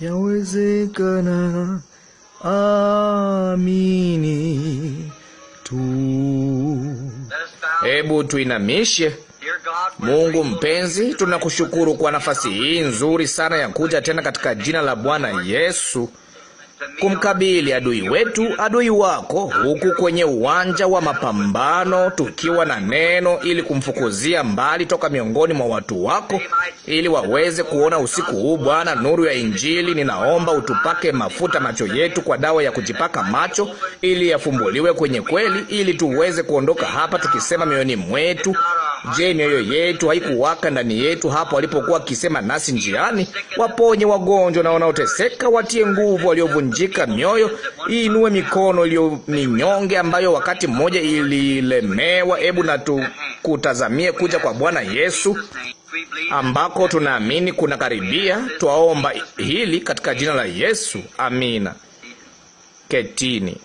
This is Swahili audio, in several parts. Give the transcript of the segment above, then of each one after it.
yawezekana, amini tu. Hebu tuinamishe. Mungu mpenzi, tunakushukuru kwa nafasi hii nzuri sana ya kuja tena katika jina la Bwana Yesu kumkabili adui wetu, adui wako, huku kwenye uwanja wa mapambano, tukiwa na neno ili kumfukuzia mbali toka miongoni mwa watu wako, ili waweze kuona usiku huu, Bwana, nuru ya Injili. Ninaomba utupake mafuta macho yetu kwa dawa ya kujipaka macho, ili yafumbuliwe kwenye kweli, ili tuweze kuondoka hapa tukisema mioyoni mwetu Je, mioyo yetu haikuwaka ndani yetu hapo alipokuwa akisema nasi njiani? Waponye wagonjwa na wanaoteseka, watie nguvu waliovunjika iliyovunjika mioyo, iinue mikono iliyo minyonge, ambayo wakati mmoja ililemewa. Hebu na tukutazamie kuja kwa Bwana Yesu ambako tunaamini kuna karibia. Twaomba hili katika jina la Yesu, amina. Ketini.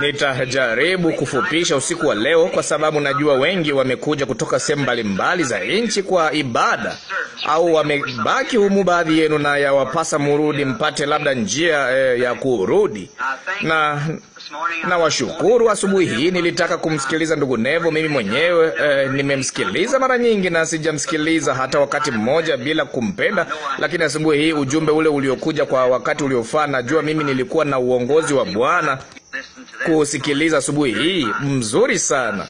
Nitajaribu kufupisha usiku wa leo, kwa sababu najua wengi wamekuja kutoka sehemu mbalimbali za nchi kwa ibada, au wamebaki humu baadhi yenu, na yawapasa murudi mpate labda njia eh, ya kurudi na na washukuru. Asubuhi hii nilitaka kumsikiliza ndugu Nevo mimi mwenyewe eh, nimemsikiliza mara nyingi na sijamsikiliza hata wakati mmoja bila kumpenda, lakini asubuhi hii ujumbe ule uliokuja kwa wakati uliofaa, najua mimi nilikuwa na uongozi wa Bwana kusikiliza asubuhi hii. Mzuri sana,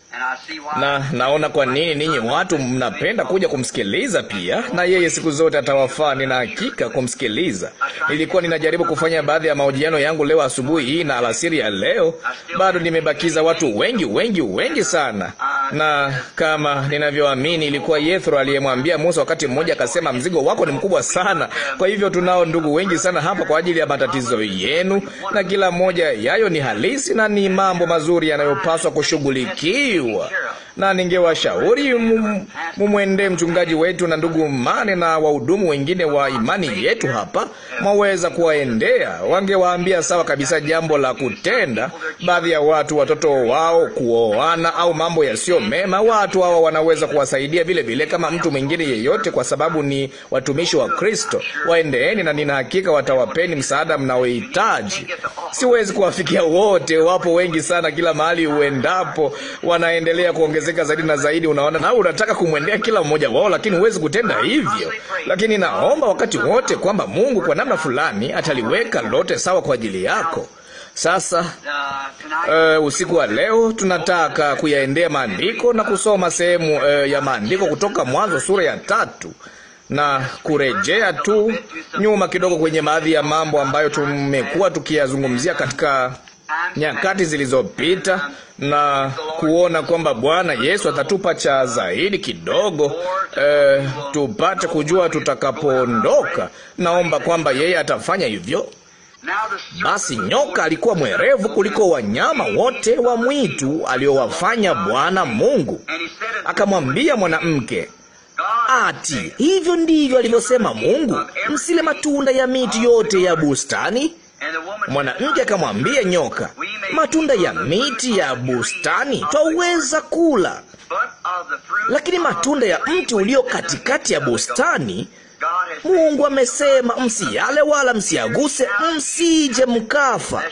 na naona kwa nini ninyi watu mnapenda kuja kumsikiliza pia. Na yeye siku zote atawafaa, nina hakika kumsikiliza. Nilikuwa ninajaribu kufanya baadhi ya mahojiano yangu leo asubuhi hii na alasiri ya leo, bado nimebakiza watu wengi wengi wengi sana, na kama ninavyoamini, ilikuwa Yethro aliyemwambia Musa wakati mmoja akasema, mzigo wako ni mkubwa sana. Kwa hivyo tunao ndugu wengi sana hapa kwa ajili ya matatizo yenu, na kila mmoja yayo ni hali halisi na ni mambo mazuri yanayopaswa kushughulikiwa na ningewashauri mumwendee mchungaji wetu na ndugu Mane na wahudumu wengine wa imani yetu hapa. Mwaweza kuwaendea, wangewaambia sawa kabisa jambo la kutenda. Baadhi ya watu, watoto wao kuoana au mambo yasiyo mema, watu hawa wanaweza kuwasaidia vile vile kama mtu mwingine yeyote, kwa sababu ni watumishi wa Kristo. Waendeeni na nina hakika watawapeni msaada mnaohitaji. Siwezi kuwafikia wote, wapo wengi sana kila mahali uendapo, wanaendelea kuongeza kuongezeka zaidi na zaidi, unaona, na unataka kumwendea kila mmoja wao, lakini huwezi kutenda hivyo. Lakini naomba wakati wote kwamba Mungu kwa namna fulani ataliweka lote sawa kwa ajili yako. Sasa uh, usiku wa leo tunataka kuyaendea maandiko na kusoma sehemu uh, ya maandiko kutoka Mwanzo sura ya tatu na kurejea tu nyuma kidogo kwenye baadhi ya mambo ambayo tumekuwa tukiyazungumzia katika nyakati zilizopita na kuona kwamba Bwana Yesu atatupa cha zaidi kidogo, eh, tupate kujua tutakapoondoka. Naomba kwamba yeye atafanya hivyo. Basi nyoka alikuwa mwerevu kuliko wanyama wote wa mwitu aliowafanya Bwana Mungu. Akamwambia mwanamke, ati hivyo ndivyo alivyosema Mungu, msile matunda ya miti yote ya bustani? Mwanamke akamwambia nyoka, matunda ya miti ya bustani twaweza kula, lakini matunda ya mti ulio katikati ya bustani Mungu amesema msiyale wala msiyaguse, msije mkafa.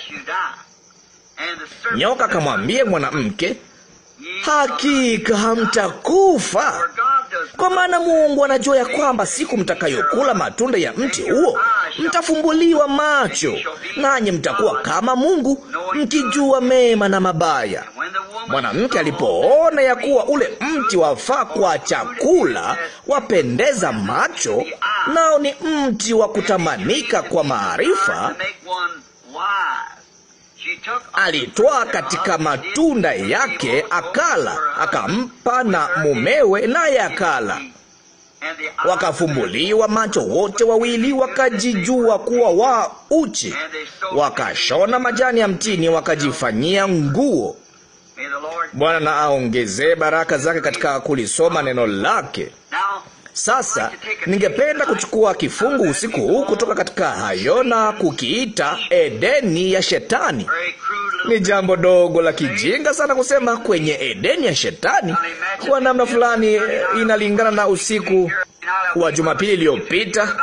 Nyoka akamwambia mwanamke, hakika hamtakufa. Kwa maana Mungu anajua ya kwamba siku mtakayokula matunda ya mti huo mtafumbuliwa macho, nanyi mtakuwa kama Mungu, mkijua mema na mabaya. Mwanamke alipoona ya kuwa ule mti wafaa kwa chakula, wapendeza macho, nao ni mti wa kutamanika kwa maarifa alitwaa katika matunda yake akala, akampa na mumewe, naye akala. Wakafumbuliwa macho wote wawili, wakajijua kuwa wa uchi, wakashona majani ya mtini, wakajifanyia nguo. Bwana na aongezee baraka zake katika kulisoma neno lake. Sasa ningependa kuchukua kifungu usiku huu kutoka katika hayo na kukiita Edeni ya Shetani. Ni jambo dogo la kijinga sana kusema kwenye Edeni ya Shetani. Kwa namna fulani eh, inalingana na usiku wa Jumapili iliyopita,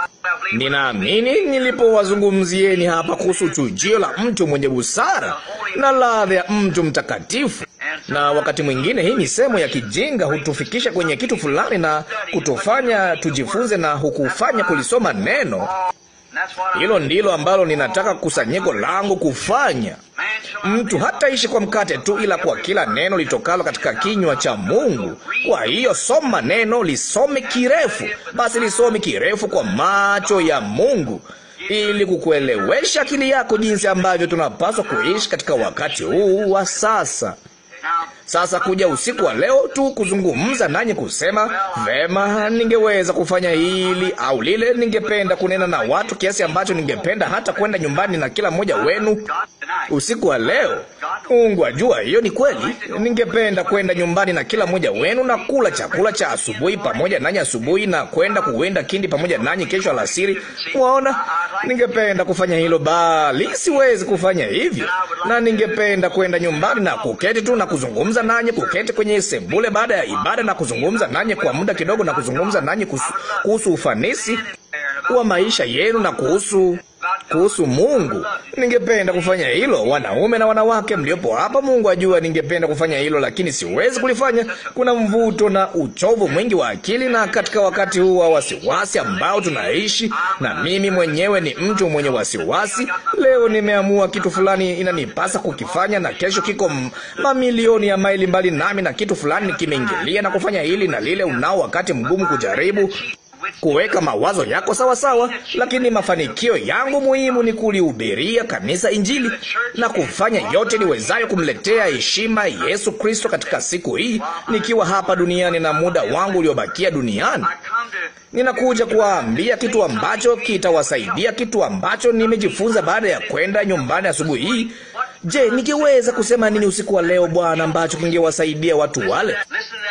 ninaamini nilipowazungumzieni hapa kuhusu chujio la mtu mwenye busara na ladha ya mtu mtakatifu. Na wakati mwingine hii misemo ya kijinga hutufikisha kwenye kitu fulani na kutufanya tujifunze, na hukufanya kulisoma neno hilo. Ndilo ambalo ninataka kusanyiko langu kufanya. Mtu hataishi kwa mkate tu, ila kwa kila neno litokalo katika kinywa cha Mungu. Kwa hiyo soma neno, lisome kirefu, basi lisome kirefu kwa macho ya Mungu ili kukuelewesha akili yako jinsi ambavyo tunapaswa kuishi katika wakati huu wa sasa. Sasa kuja usiku wa leo tu kuzungumza nanyi kusema, vema, ningeweza kufanya hili au lile, ningependa kunena na watu kiasi ambacho ningependa hata kwenda nyumbani na kila mmoja wenu usiku wa leo. Mungu ajua hiyo ni kweli. Ningependa kwenda nyumbani na kila mmoja wenu na kula chakula cha asubuhi pamoja nanyi asubuhi na kwenda kuwinda kindi pamoja nanyi kesho alasiri. Waona, ningependa kufanya hilo, bali siwezi kufanya hivyo, na ningependa kwenda nyumbani na kuketi tu na kuzungumza nanyi, kuketi kwenye sebule baada ya ibada na kuzungumza nanyi kwa muda kidogo, na kuzungumza nanyi kuhusu ufanisi wa maisha yenu na kuhusu kuhusu Mungu. Ningependa kufanya hilo, wanaume na wanawake mliopo hapa, Mungu ajua, ningependa kufanya hilo, lakini siwezi kulifanya. Kuna mvuto na uchovu mwingi wa akili, na katika wakati huu wa wasiwasi ambao tunaishi, na mimi mwenyewe ni mtu mwenye wasiwasi. Leo nimeamua kitu fulani inanipasa kukifanya, na kesho kiko mamilioni ya maili mbali nami, na kitu fulani kimeingilia na kufanya hili na lile. Unao wakati mgumu kujaribu kuweka mawazo yako sawasawa, lakini mafanikio yangu muhimu ni kulihubiria kanisa Injili na kufanya yote niwezayo kumletea heshima Yesu Kristo katika siku hii nikiwa hapa duniani na muda wangu uliobakia duniani. Ninakuja kuwaambia kitu ambacho kitawasaidia, kitu ambacho nimejifunza baada ya kwenda nyumbani asubuhi hii, Je, ningeweza kusema nini usiku wa leo Bwana ambacho kingewasaidia watu wale?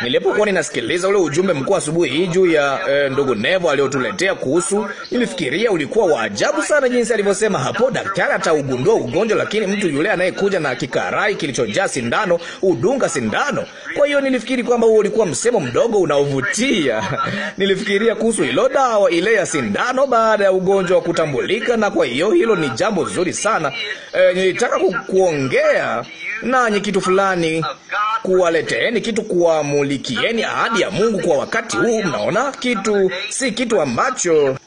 Nilipokuwa ninasikiliza ule ujumbe mkuu asubuhi hii juu ya eh, ndugu Nevo aliyotuletea kuhusu, nilifikiria ulikuwa wa ajabu sana jinsi alivyosema hapo, daktari ataugundua ugonjwa, lakini mtu yule anayekuja na kikarai kilichojaa sindano udunga sindano. Kwa hiyo nilifikiri kwamba huo ulikuwa msemo mdogo unaovutia. nilifikiria kuhusu hilo dawa ile ya sindano baada ya ugonjwa wa kutambulika, na kwa hiyo hilo ni jambo zuri sana. Eh, nilitaka ku kuongea nanyi kitu fulani, kuwaleteeni kitu, kuwamulikieni ahadi ya Mungu kwa wakati huu. Mnaona, kitu si kitu ambacho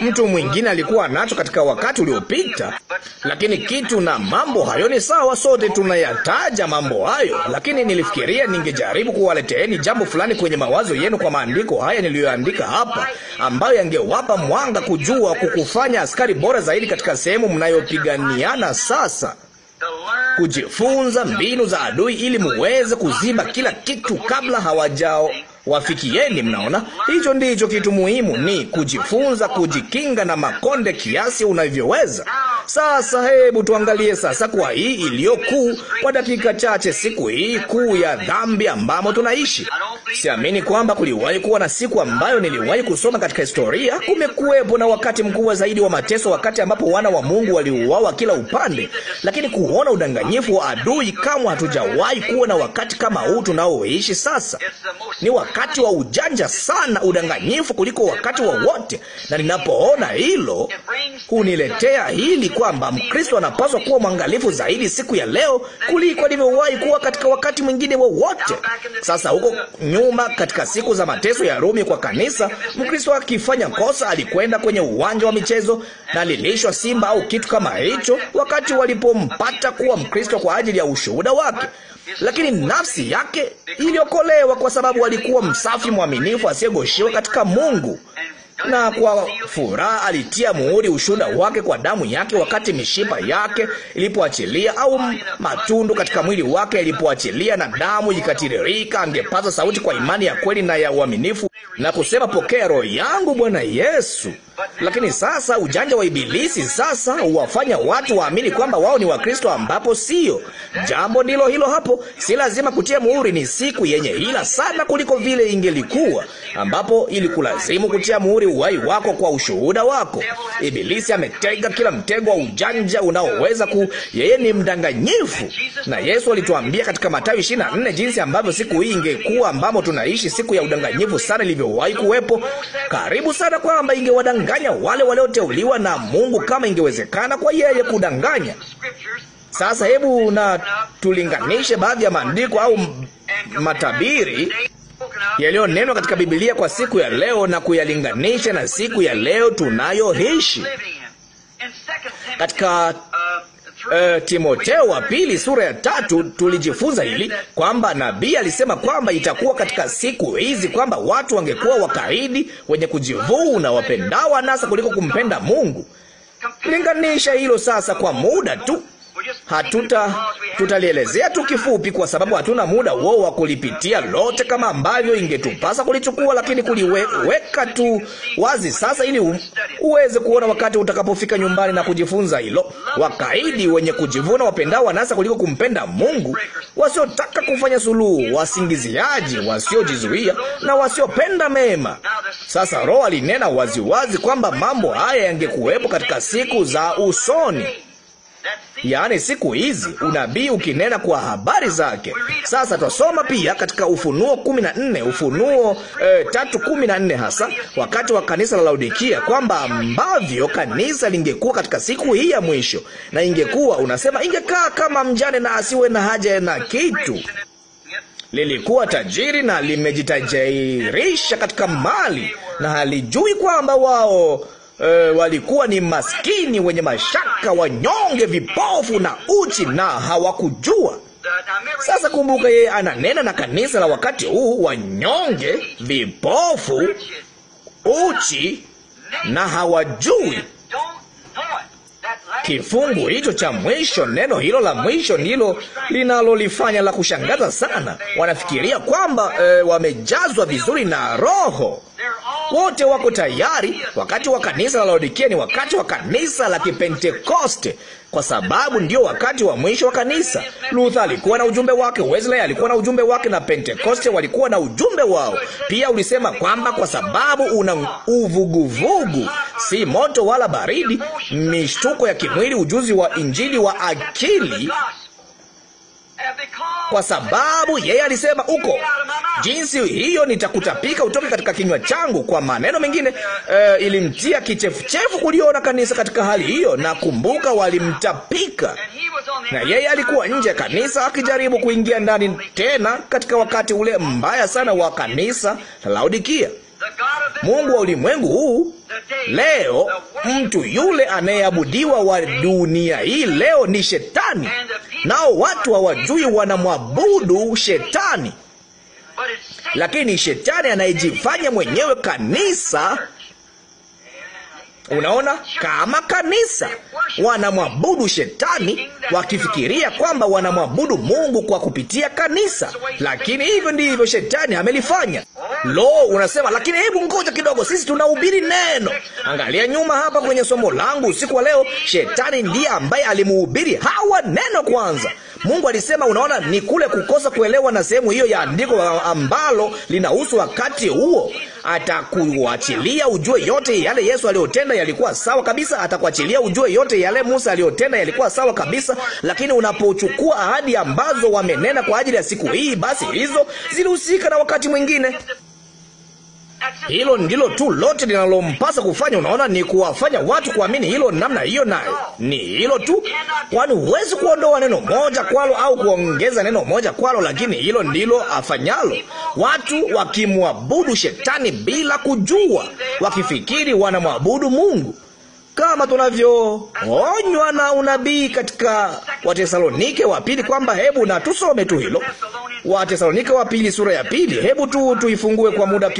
mtu mwingine alikuwa nacho katika wakati uliopita, lakini kitu na mambo hayo ni sawa. Sote tunayataja mambo hayo, lakini nilifikiria ningejaribu kuwaleteeni jambo fulani kwenye mawazo yenu kwa maandiko haya niliyoandika hapa, ambayo yangewapa mwanga kujua, kukufanya askari bora zaidi katika sehemu mnayopiganiana sasa kujifunza mbinu za adui ili muweze kuziba kila kitu kabla hawajao wafikieni. Mnaona, hicho ndicho kitu muhimu, ni kujifunza kujikinga na makonde kiasi unavyoweza. Sasa hebu tuangalie sasa kwa hii iliyokuu, kwa dakika chache, siku hii kuu ya dhambi ambamo tunaishi. Siamini kwamba kuliwahi kuwa na siku ambayo niliwahi kusoma katika historia kumekuwepo na wakati mkubwa zaidi wa mateso, wakati ambapo wana wa Mungu waliuawa kila upande, lakini kuona udanganyifu wa adui, kamwe hatujawahi kuwa na wakati kama huu tunaoishi sasa. Ni wakati wa ujanja sana, udanganyifu kuliko wakati wowote wa, na ninapoona hilo huniletea hili kwamba Mkristo anapaswa kuwa mwangalifu zaidi siku ya leo kuliko alivyowahi kuwa katika wakati mwingine wowote wa sasa huko nyuma katika siku za mateso ya Rumi kwa kanisa, Mkristo akifanya kosa alikwenda kwenye uwanja wa michezo na alilishwa simba au kitu kama hicho, wakati walipompata kuwa Mkristo kwa ajili ya ushuhuda wake. Lakini nafsi yake iliokolewa kwa sababu alikuwa msafi, mwaminifu, asiyegoshiwa katika Mungu na kwa furaha alitia muhuri ushuda wake kwa damu yake, wakati mishipa yake ilipoachilia au matundu katika mwili wake ilipoachilia na damu ikatiririka, angepaza sauti kwa imani ya kweli na ya uaminifu na kusema, pokea roho yangu Bwana Yesu. Lakini sasa ujanja wa Ibilisi sasa huwafanya watu waamini kwamba wao ni Wakristo, ambapo sio. Jambo ndilo hilo hapo, si lazima kutia muhuri. Ni siku yenye hila sana kuliko vile ingelikuwa, ambapo ilikulazimu kutia muhuri uhai wako kwa ushuhuda wako. Ibilisi ametega kila mtego wa ujanja unaoweza ku, yeye ni mdanganyifu. Na Yesu alituambia katika Mathayo 24 jinsi ambavyo siku hii ingekuwa ambamo tunaishi, siku ya udanganyifu sana ilivyowahi kuwepo, karibu sana kwamba ingewadanganya kudanganya wale walioteuliwa na Mungu kama ingewezekana kwa yeye kudanganya. Sasa hebu na tulinganishe baadhi ya maandiko au matabiri yaliyonenwa katika Biblia kwa siku ya leo na kuyalinganisha na siku ya leo tunayoishi. Katika uh, eh, Timoteo wa pili sura ya tatu tulijifunza hili kwamba nabii alisema kwamba itakuwa katika siku hizi kwamba watu wangekuwa wakaidi, wenye kujivuna, wapendao anasa kuliko kumpenda Mungu. Linganisha hilo sasa kwa muda tu hatuta tutalielezea tu kifupi, kwa sababu hatuna muda wao wa kulipitia lote kama ambavyo ingetupasa kulichukua, lakini kuliweka tu wazi sasa, ili uweze kuona wakati utakapofika nyumbani na kujifunza hilo. Wakaidi, wenye kujivuna, wapendao wanasa kuliko kumpenda Mungu, wasiotaka kufanya suluhu, wasingiziaji, wasiojizuia na wasiopenda mema. Sasa Roho alinena waziwazi kwamba mambo haya yangekuwepo katika siku za usoni yaani siku hizi unabii ukinena kwa habari zake. Sasa twasoma pia katika Ufunuo kumi na nne Ufunuo eh, tatu kumi na nne hasa wakati wa kanisa la Laodikia, kwamba ambavyo kanisa lingekuwa katika siku hii ya mwisho, na ingekuwa unasema, ingekaa kama mjane na asiwe na haja na kitu lilikuwa tajiri na limejitajirisha katika mali na halijui kwamba wao e, walikuwa ni maskini, wenye mashaka, wanyonge, vipofu na uchi, na hawakujua. Sasa kumbuka, yeye ananena na kanisa la wakati huu, wanyonge, vipofu, uchi na hawajui. Kifungu hicho cha mwisho, neno hilo la mwisho ndilo linalolifanya la kushangaza sana. Wanafikiria kwamba e, wamejazwa vizuri na Roho wote wako tayari. Wakati wa kanisa la Laodikia ni wakati wa kanisa la Kipentekoste, kwa sababu ndio wakati wa mwisho wa kanisa. Luther alikuwa na ujumbe wake, Wesley alikuwa na ujumbe wake, na Pentekoste walikuwa na ujumbe wao pia. Ulisema kwamba kwa sababu una uvuguvugu, si moto wala baridi, mishtuko ya kimwili, ujuzi wa Injili wa akili kwa sababu yeye alisema uko jinsi hiyo nitakutapika utoke katika kinywa changu. Kwa maneno mengine, e, ilimtia kichefuchefu kuliona kanisa katika hali hiyo, na kumbuka, walimtapika na yeye alikuwa nje ya kanisa akijaribu kuingia ndani tena, katika wakati ule mbaya sana wa kanisa la Laodikia. Mungu wa ulimwengu huu leo, mtu yule anayeabudiwa wa dunia hii leo ni Shetani, nao watu hawajui wanamwabudu Shetani, lakini Shetani anayejifanya mwenyewe kanisa Unaona, kama kanisa wanamwabudu shetani wakifikiria kwamba wanamwabudu Mungu kwa kupitia kanisa, lakini hivyo ndivyo shetani amelifanya. Lo, unasema lakini hebu ngoja kidogo, sisi tunahubiri neno. Angalia nyuma hapa kwenye somo langu usiku wa leo, shetani ndiye ambaye alimuhubiri Hawa neno kwanza. Mungu alisema, unaona, ni kule kukosa kuelewa na sehemu hiyo ya andiko ambalo linahusu wakati huo. Atakuachilia ujue yote yale Yesu aliyotenda yalikuwa sawa kabisa, atakuachilia ujue yote yale Musa aliyotenda yalikuwa sawa kabisa. Lakini unapochukua ahadi ambazo wamenena kwa ajili ya siku hii, basi hizo zilihusika na wakati mwingine hilo ndilo tu lote linalompasa kufanya. Unaona, ni kuwafanya watu kuamini hilo namna hiyo, na ni hilo tu, kwani huwezi kuondoa neno moja kwalo au kuongeza neno moja kwalo, lakini hilo ndilo afanyalo. Watu wakimwabudu shetani bila kujua, wakifikiri wanamwabudu Mungu kama tunavyoonywa na unabii katika Watesalonike wa pili, kwamba hebu na tusome tu hilo wa Tesalonika wa pili sura ya pili. Hebu tu tuifungue kwa muda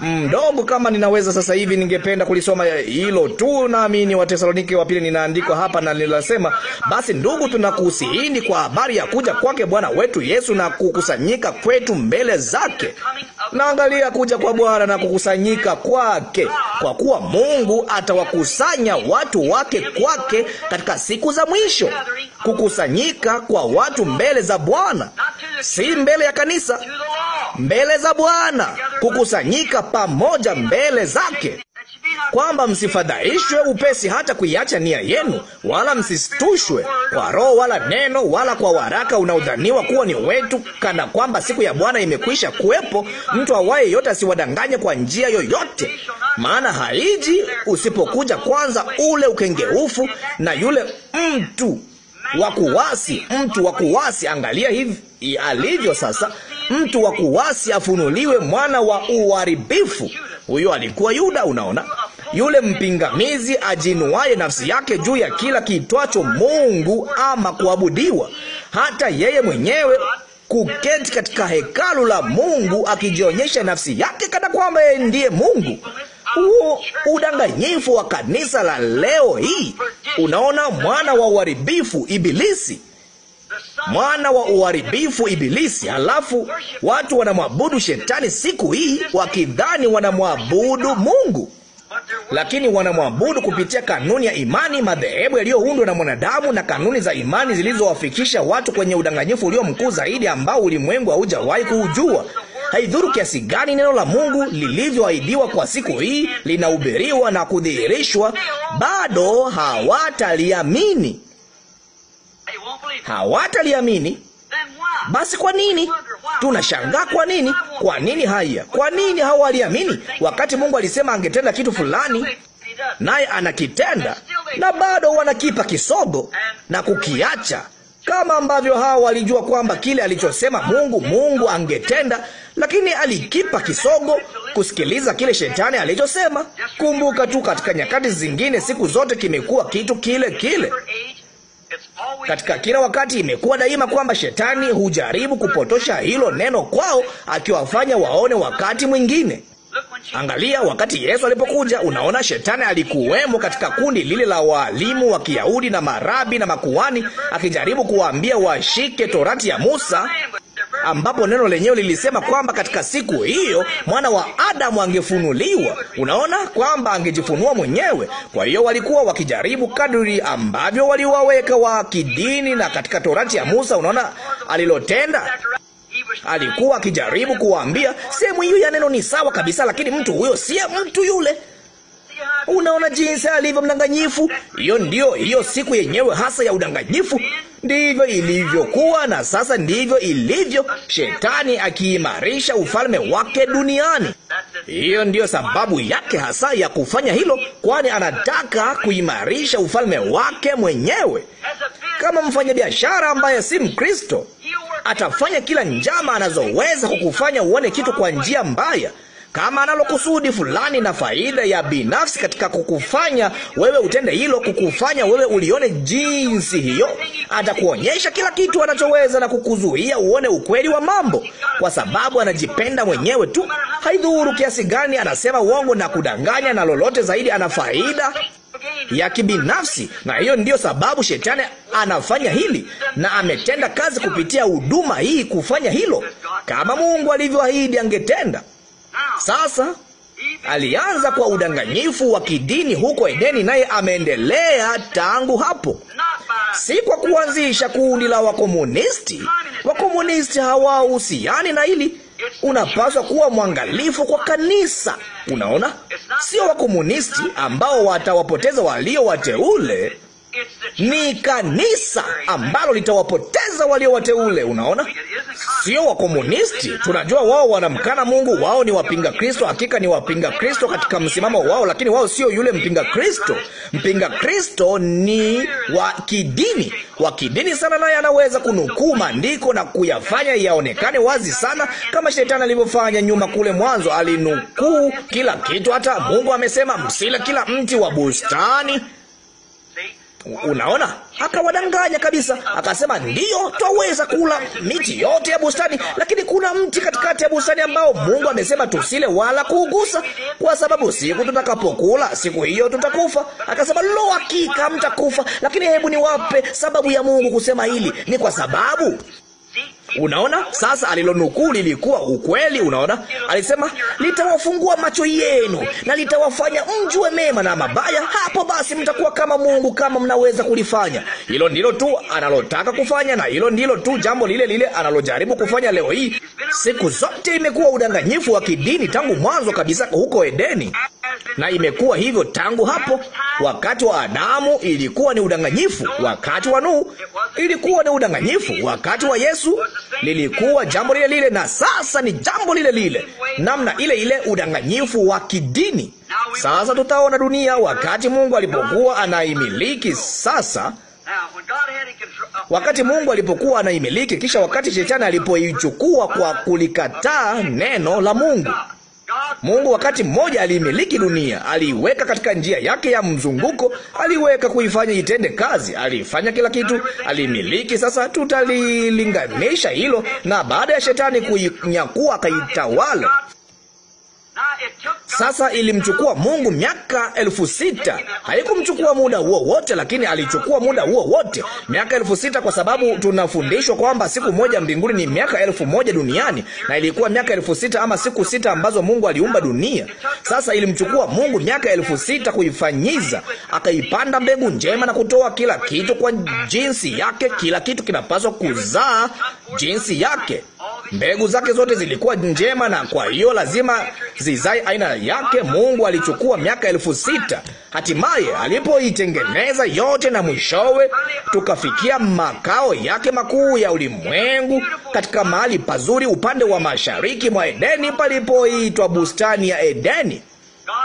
mdogo mm, kama ninaweza sasa hivi ningependa kulisoma hilo tu, naamini wa Tesalonika wa pili ninaandikwa hapa na ninasema basi ndugu, tunakusihini kwa habari ya kuja kwake Bwana wetu Yesu na kukusanyika kwetu mbele zake. Naangalia kuja kwa Bwana na kukusanyika kwake, kwa kuwa Mungu atawakusanya watu wake kwake katika siku za mwisho. Kukusanyika kwa watu mbele za Bwana si si mbele ya kanisa, mbele za Bwana, kukusanyika pamoja mbele zake, kwamba msifadhaishwe upesi hata kuiacha nia yenu, wala msistushwe kwa roho wala neno wala kwa waraka unaodhaniwa kuwa ni wetu, kana kwamba siku ya Bwana imekwisha kuwepo. Mtu awaye yote asiwadanganye kwa njia yoyote, maana haiji usipokuja kwanza ule ukengeufu na yule mtu wa kuwasi, mtu wa kuwasi. Angalia hivi alivyo sasa, mtu wa kuwasi afunuliwe mwana wa uharibifu. Huyo alikuwa Yuda, unaona, yule mpingamizi ajinuaye nafsi yake juu ya kila kiitwacho Mungu ama kuabudiwa, hata yeye mwenyewe kuketi katika hekalu la Mungu akijionyesha nafsi yake kana kwamba ndiye Mungu huo udanganyifu wa kanisa la leo hii. Unaona, mwana wa uharibifu Ibilisi, mwana wa uharibifu Ibilisi. Halafu watu wanamwabudu shetani siku hii wakidhani wanamwabudu Mungu, lakini wanamwabudu kupitia kanuni ya imani, madhehebu yaliyoundwa na mwanadamu na kanuni za imani zilizowafikisha watu kwenye udanganyifu ulio mkuu zaidi ambao ulimwengu haujawahi kuujua. Haidhuru kiasi gani neno la Mungu lilivyoahidiwa kwa siku hii linahubiriwa na kudhihirishwa, bado hawataliamini, hawataliamini. Basi kwa nini tunashangaa? Kwa nini? Kwa nini haya? Kwa nini hawaliamini? Wakati Mungu alisema angetenda kitu fulani, naye anakitenda, na bado wanakipa kisogo na kukiacha kama ambavyo hao walijua kwamba kile alichosema Mungu Mungu angetenda, lakini alikipa kisogo kusikiliza kile shetani alichosema. Kumbuka tu, katika nyakati zingine, siku zote kimekuwa kitu kile kile katika kila wakati imekuwa daima kwamba shetani hujaribu kupotosha hilo neno kwao, akiwafanya waone wakati mwingine Angalia, wakati Yesu alipokuja, unaona shetani alikuwemo katika kundi lile la walimu wa Kiyahudi na marabi na makuhani, akijaribu kuwaambia washike torati ya Musa, ambapo neno lenyewe lilisema kwamba katika siku hiyo mwana wa Adamu angefunuliwa. Unaona kwamba angejifunua mwenyewe. Kwa hiyo walikuwa wakijaribu kadri ambavyo waliwaweka wa kidini na katika torati ya Musa. Unaona alilotenda Alikuwa akijaribu kuwaambia sehemu hiyo ya neno ni sawa kabisa, lakini mtu huyo si mtu yule. Unaona jinsi alivyo mdanganyifu. Hiyo ndiyo hiyo siku yenyewe hasa ya udanganyifu. Ndivyo ilivyokuwa na sasa ndivyo ilivyo, shetani akiimarisha ufalme wake duniani. Hiyo ndiyo sababu yake hasa ya kufanya hilo, kwani anataka kuimarisha ufalme wake mwenyewe. Kama mfanyabiashara ambaye si Mkristo atafanya kila njama anazoweza kukufanya uone kitu kwa njia mbaya, kama analokusudi fulani na faida ya binafsi katika kukufanya wewe utende hilo, kukufanya wewe ulione jinsi hiyo. Atakuonyesha kila kitu anachoweza na kukuzuia uone ukweli wa mambo, kwa sababu anajipenda mwenyewe tu. Haidhuru kiasi gani anasema uongo na kudanganya, na lolote zaidi, ana faida ya kibinafsi, na hiyo ndiyo sababu shetani anafanya hili, na ametenda kazi kupitia huduma hii kufanya hilo, kama Mungu alivyoahidi angetenda. Sasa alianza kwa udanganyifu wa kidini huko Edeni, naye ameendelea tangu hapo, si kwa kuanzisha kundi la Wakomunisti. Wakomunisti hawahusiani na hili Unapaswa kuwa mwangalifu kwa kanisa. Unaona, sio wakomunisti ambao watawapoteza walio wateule ni kanisa ambalo litawapoteza walio wateule. Unaona, sio wakomunisti. Tunajua wao wanamkana Mungu, wao ni wapinga Kristo. Hakika ni wapinga Kristo katika msimamo wao, lakini wao sio yule mpinga Kristo. Mpinga Kristo ni wa kidini, wa kidini sana, naye anaweza kunukuu maandiko na kuyafanya yaonekane wazi sana, kama shetani alivyofanya nyuma kule mwanzo. Alinukuu kila kitu, hata Mungu amesema msile kila mti wa bustani. Unaona, akawadanganya kabisa, akasema ndiyo, twaweza kula miti yote ya bustani, lakini kuna mti katikati ya bustani ambao Mungu amesema tusile wala kuugusa, kwa sababu siku tutakapokula siku hiyo tutakufa. Akasema lo, hakika mtakufa, lakini hebu niwape sababu ya Mungu kusema hili, ni kwa sababu Unaona sasa, alilonukuu lilikuwa ukweli. Unaona, alisema litawafungua macho yenu na litawafanya mjue mema na mabaya, hapo basi mtakuwa kama Mungu, kama mnaweza kulifanya hilo. Ndilo tu analotaka kufanya, na hilo ndilo tu jambo lile lile analojaribu kufanya leo hii. Siku zote imekuwa udanganyifu wa kidini tangu mwanzo kabisa huko Edeni na imekuwa hivyo tangu hapo. Wakati wa Adamu ilikuwa ni udanganyifu, wakati wa Nuhu ilikuwa ni udanganyifu, wakati wa Yesu lilikuwa jambo lile lile, na sasa ni jambo lile lile, namna ile ile, udanganyifu wa kidini. Sasa tutaona dunia wakati Mungu alipokuwa anaimiliki sasa wakati Mungu alipokuwa anaimiliki, kisha wakati shetani alipoichukua kwa kulikataa neno la Mungu. Mungu wakati mmoja aliimiliki dunia, aliiweka katika njia yake ya mzunguko, aliweka kuifanya itende kazi, aliifanya kila kitu, aliimiliki. Sasa tutalilinganisha hilo na baada ya shetani kuinyakua akaitawala sasa ilimchukua Mungu miaka elfu sita. Haikumchukua muda huo wote, lakini alichukua muda huo wote, miaka elfu sita, kwa sababu tunafundishwa kwamba siku moja mbinguni ni miaka elfu moja duniani, na ilikuwa miaka elfu sita ama siku sita ambazo Mungu aliumba dunia. Sasa ilimchukua Mungu miaka elfu sita kuifanyiza, akaipanda mbegu njema na kutoa kila kitu kwa jinsi yake. Kila kitu kinapaswa kuzaa jinsi yake. Mbegu zake zote zilikuwa njema, na kwa hiyo lazima zizae aina yake. Mungu alichukua miaka elfu sita hatimaye alipoitengeneza yote, na mwishowe tukafikia makao yake makuu ya ulimwengu katika mahali pazuri upande wa mashariki mwa Edeni palipoitwa bustani ya Edeni.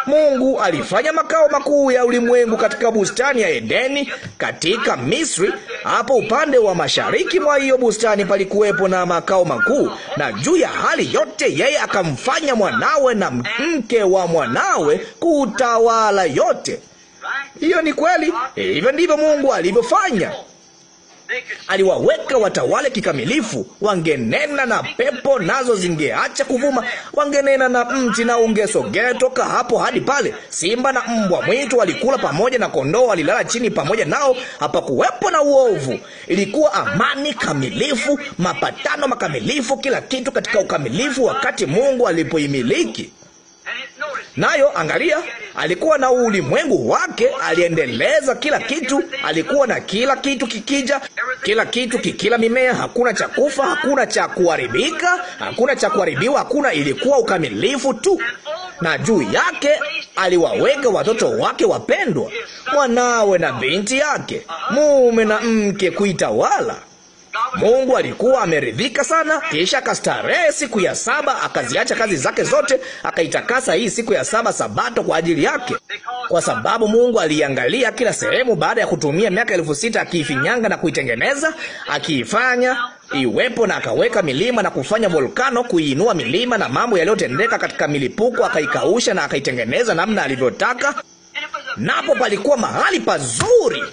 Mungu alifanya makao makuu ya ulimwengu katika bustani ya Edeni katika Misri. Hapo upande wa mashariki mwa hiyo bustani palikuwepo na makao makuu, na juu ya hali yote yeye akamfanya mwanawe na mke wa mwanawe kutawala yote. Hiyo ni kweli. Hivyo ndivyo Mungu alivyofanya aliwaweka watawale kikamilifu. Wangenena na pepo, nazo zingeacha kuvuma. Wangenena na mti, na ungesogea toka hapo hadi pale. Simba na mbwa mwitu walikula pamoja, na kondoo walilala chini pamoja nao. Hapakuwepo na uovu, ilikuwa amani kamilifu, mapatano makamilifu, kila kitu katika ukamilifu, wakati Mungu alipoimiliki nayo. Angalia, Alikuwa na ulimwengu wake, aliendeleza kila kitu, alikuwa na kila kitu kikija, kila kitu kikila mimea, hakuna cha kufa, hakuna cha kuharibika, hakuna cha kuharibiwa, hakuna. Ilikuwa ukamilifu tu, na juu yake aliwaweka watoto wake wapendwa, mwanawe na binti yake, mume na mke, kuitawala Mungu alikuwa ameridhika sana, kisha akastarehe siku ya saba, akaziacha kazi zake zote, akaitakasa hii siku ya saba sabato kwa ajili yake, kwa sababu Mungu aliangalia kila sehemu. Baada ya kutumia miaka elfu sita akiifinyanga na kuitengeneza, akiifanya iwepo na akaweka milima na kufanya volkano kuiinua milima na mambo yaliyotendeka katika milipuko, akaikausha na akaitengeneza namna alivyotaka napo palikuwa mahali pazuri.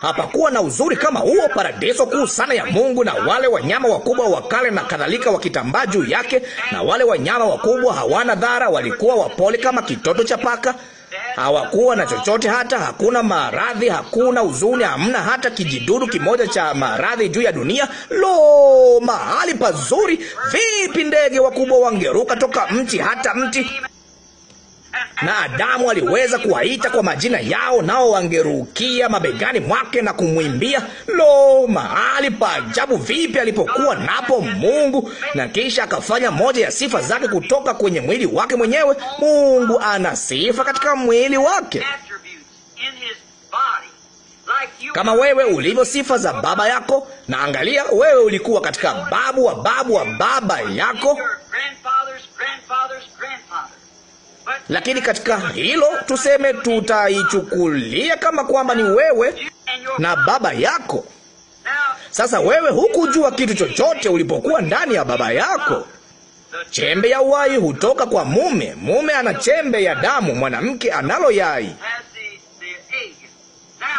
Hapakuwa na uzuri kama huo, paradiso kuu sana ya Mungu, na wale wanyama wakubwa wa kale na kadhalika wakitambaa juu yake. Na wale wanyama wakubwa hawana dhara, walikuwa wapole kama kitoto cha paka hawakuwa na chochote, hata hakuna maradhi, hakuna huzuni, hamna hata kijidudu kimoja cha maradhi juu ya dunia. Lo, mahali pazuri! Vipi ndege wakubwa wangeruka toka mti hata mti na Adamu aliweza kuwaita kwa majina yao, nao wangerukia mabegani mwake na kumwimbia. Lo, mahali pa ajabu vipi alipokuwa napo Mungu! Na kisha akafanya moja ya sifa zake kutoka kwenye mwili wake mwenyewe. Mungu ana sifa katika mwili wake kama wewe ulivyo sifa za baba yako. Na angalia, wewe ulikuwa katika babu wa babu wa baba yako lakini katika hilo tuseme, tutaichukulia kama kwamba ni wewe na baba yako. Sasa wewe hukujua kitu chochote ulipokuwa ndani ya baba yako. Chembe ya uhai hutoka kwa mume, mume ana chembe ya damu, mwanamke analo yai.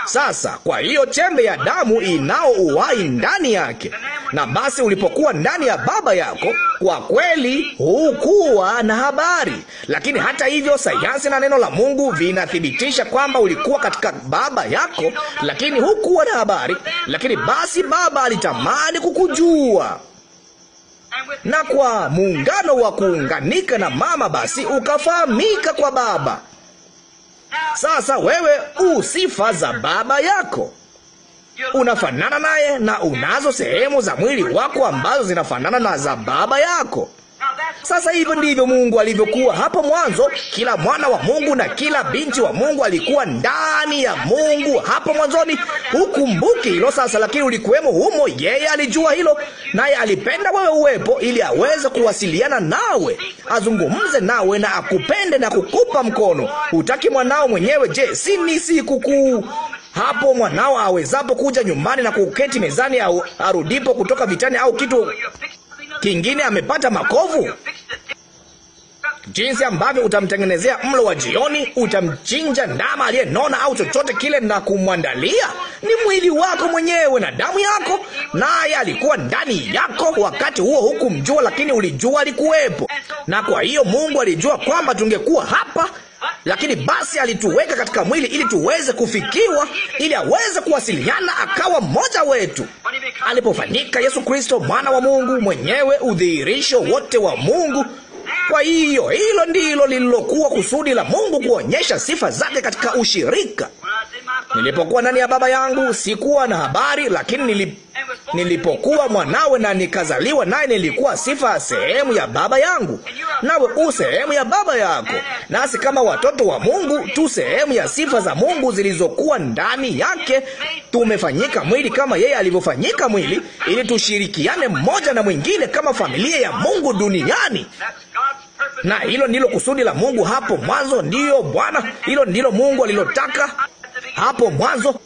Sasa kwa hiyo chembe ya damu inao uhai ndani yake, na basi ulipokuwa ndani ya baba yako, kwa kweli hukuwa na habari. Lakini hata hivyo, sayansi na neno la Mungu vinathibitisha kwamba ulikuwa katika baba yako, lakini hukuwa na habari. Lakini basi baba alitamani kukujua na kwa muungano wa kuunganika na mama basi ukafahamika kwa baba. Sasa wewe u sifa za baba yako, unafanana naye na unazo sehemu za mwili wako ambazo zinafanana na za baba yako. Sasa hivyo ndivyo Mungu alivyokuwa hapo mwanzo. Kila mwana wa Mungu na kila binti wa Mungu alikuwa ndani ya Mungu hapo mwanzoni. Hukumbuki hilo sasa, lakini ulikuwemo humo. Yeye alijua hilo, naye alipenda wewe uwepo, ili aweze kuwasiliana nawe, azungumze nawe na akupende na kukupa mkono. Hutaki mwanao mwenyewe? Je, si ni sikukuu hapo mwanao awezapo kuja nyumbani na kuketi mezani, au arudipo kutoka vitani au kitu kingine amepata makovu. Jinsi ambavyo utamtengenezea mlo wa jioni, utamchinja ndama aliyenona au chochote kile na kumwandalia, ni mwili wako mwenyewe na damu yako, naye alikuwa ndani yako wakati huo, hukumjua, lakini ulijua alikuwepo. Na kwa hiyo Mungu alijua kwamba tungekuwa hapa lakini basi alituweka katika mwili ili tuweze kufikiwa, ili aweze kuwasiliana akawa mmoja wetu. Alipofanyika Yesu Kristo mwana wa Mungu mwenyewe, udhihirisho wote wa Mungu kwa hiyo hilo ndilo lililokuwa kusudi la Mungu, kuonyesha sifa zake katika ushirika. Nilipokuwa ndani ya baba yangu sikuwa na habari, lakini nilipokuwa mwanawe na nikazaliwa naye, nilikuwa sifa sehemu ya baba yangu, nawe u sehemu ya baba yako, nasi kama watoto wa Mungu tu sehemu ya sifa za Mungu zilizokuwa ndani yake. Tumefanyika mwili kama yeye alivyofanyika mwili, ili tushirikiane mmoja na mwingine kama familia ya Mungu duniani na hilo ndilo kusudi la Mungu hapo mwanzo. Ndiyo Bwana, hilo ndilo Mungu alilotaka hapo mwanzo.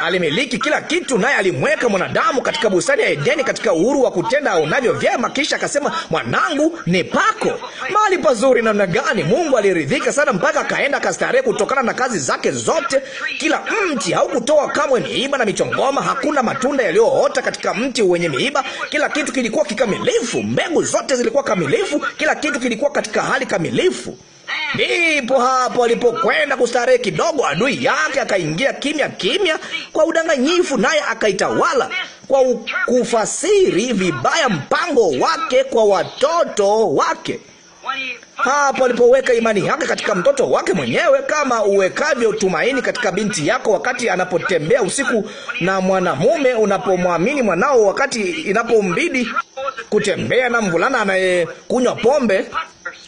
Alimiliki kila kitu, naye alimweka mwanadamu katika bustani ya Edeni katika uhuru wa kutenda unavyo vyema, kisha akasema, mwanangu, ni pako. Mahali pazuri namna gani! Mungu aliridhika sana mpaka akaenda akastarehe kutokana na kazi zake zote. Kila mti haukutoa kamwe miiba na michongoma, hakuna matunda yaliyoota katika mti wenye miiba. Kila kitu kilikuwa kikamilifu, mbegu zote zilikuwa kamilifu, kila kitu kilikuwa katika hali kamilifu. Ndipo hapo alipokwenda kustarehe kidogo, adui yake akaingia kimya kimya kwa udanganyifu, naye akaitawala kwa kufasiri vibaya mpango wake kwa watoto wake. Hapo alipoweka imani yake katika mtoto wake mwenyewe, kama uwekavyo tumaini katika binti yako wakati anapotembea usiku na mwanamume, unapomwamini mwanao wakati inapombidi kutembea na mvulana anayekunywa pombe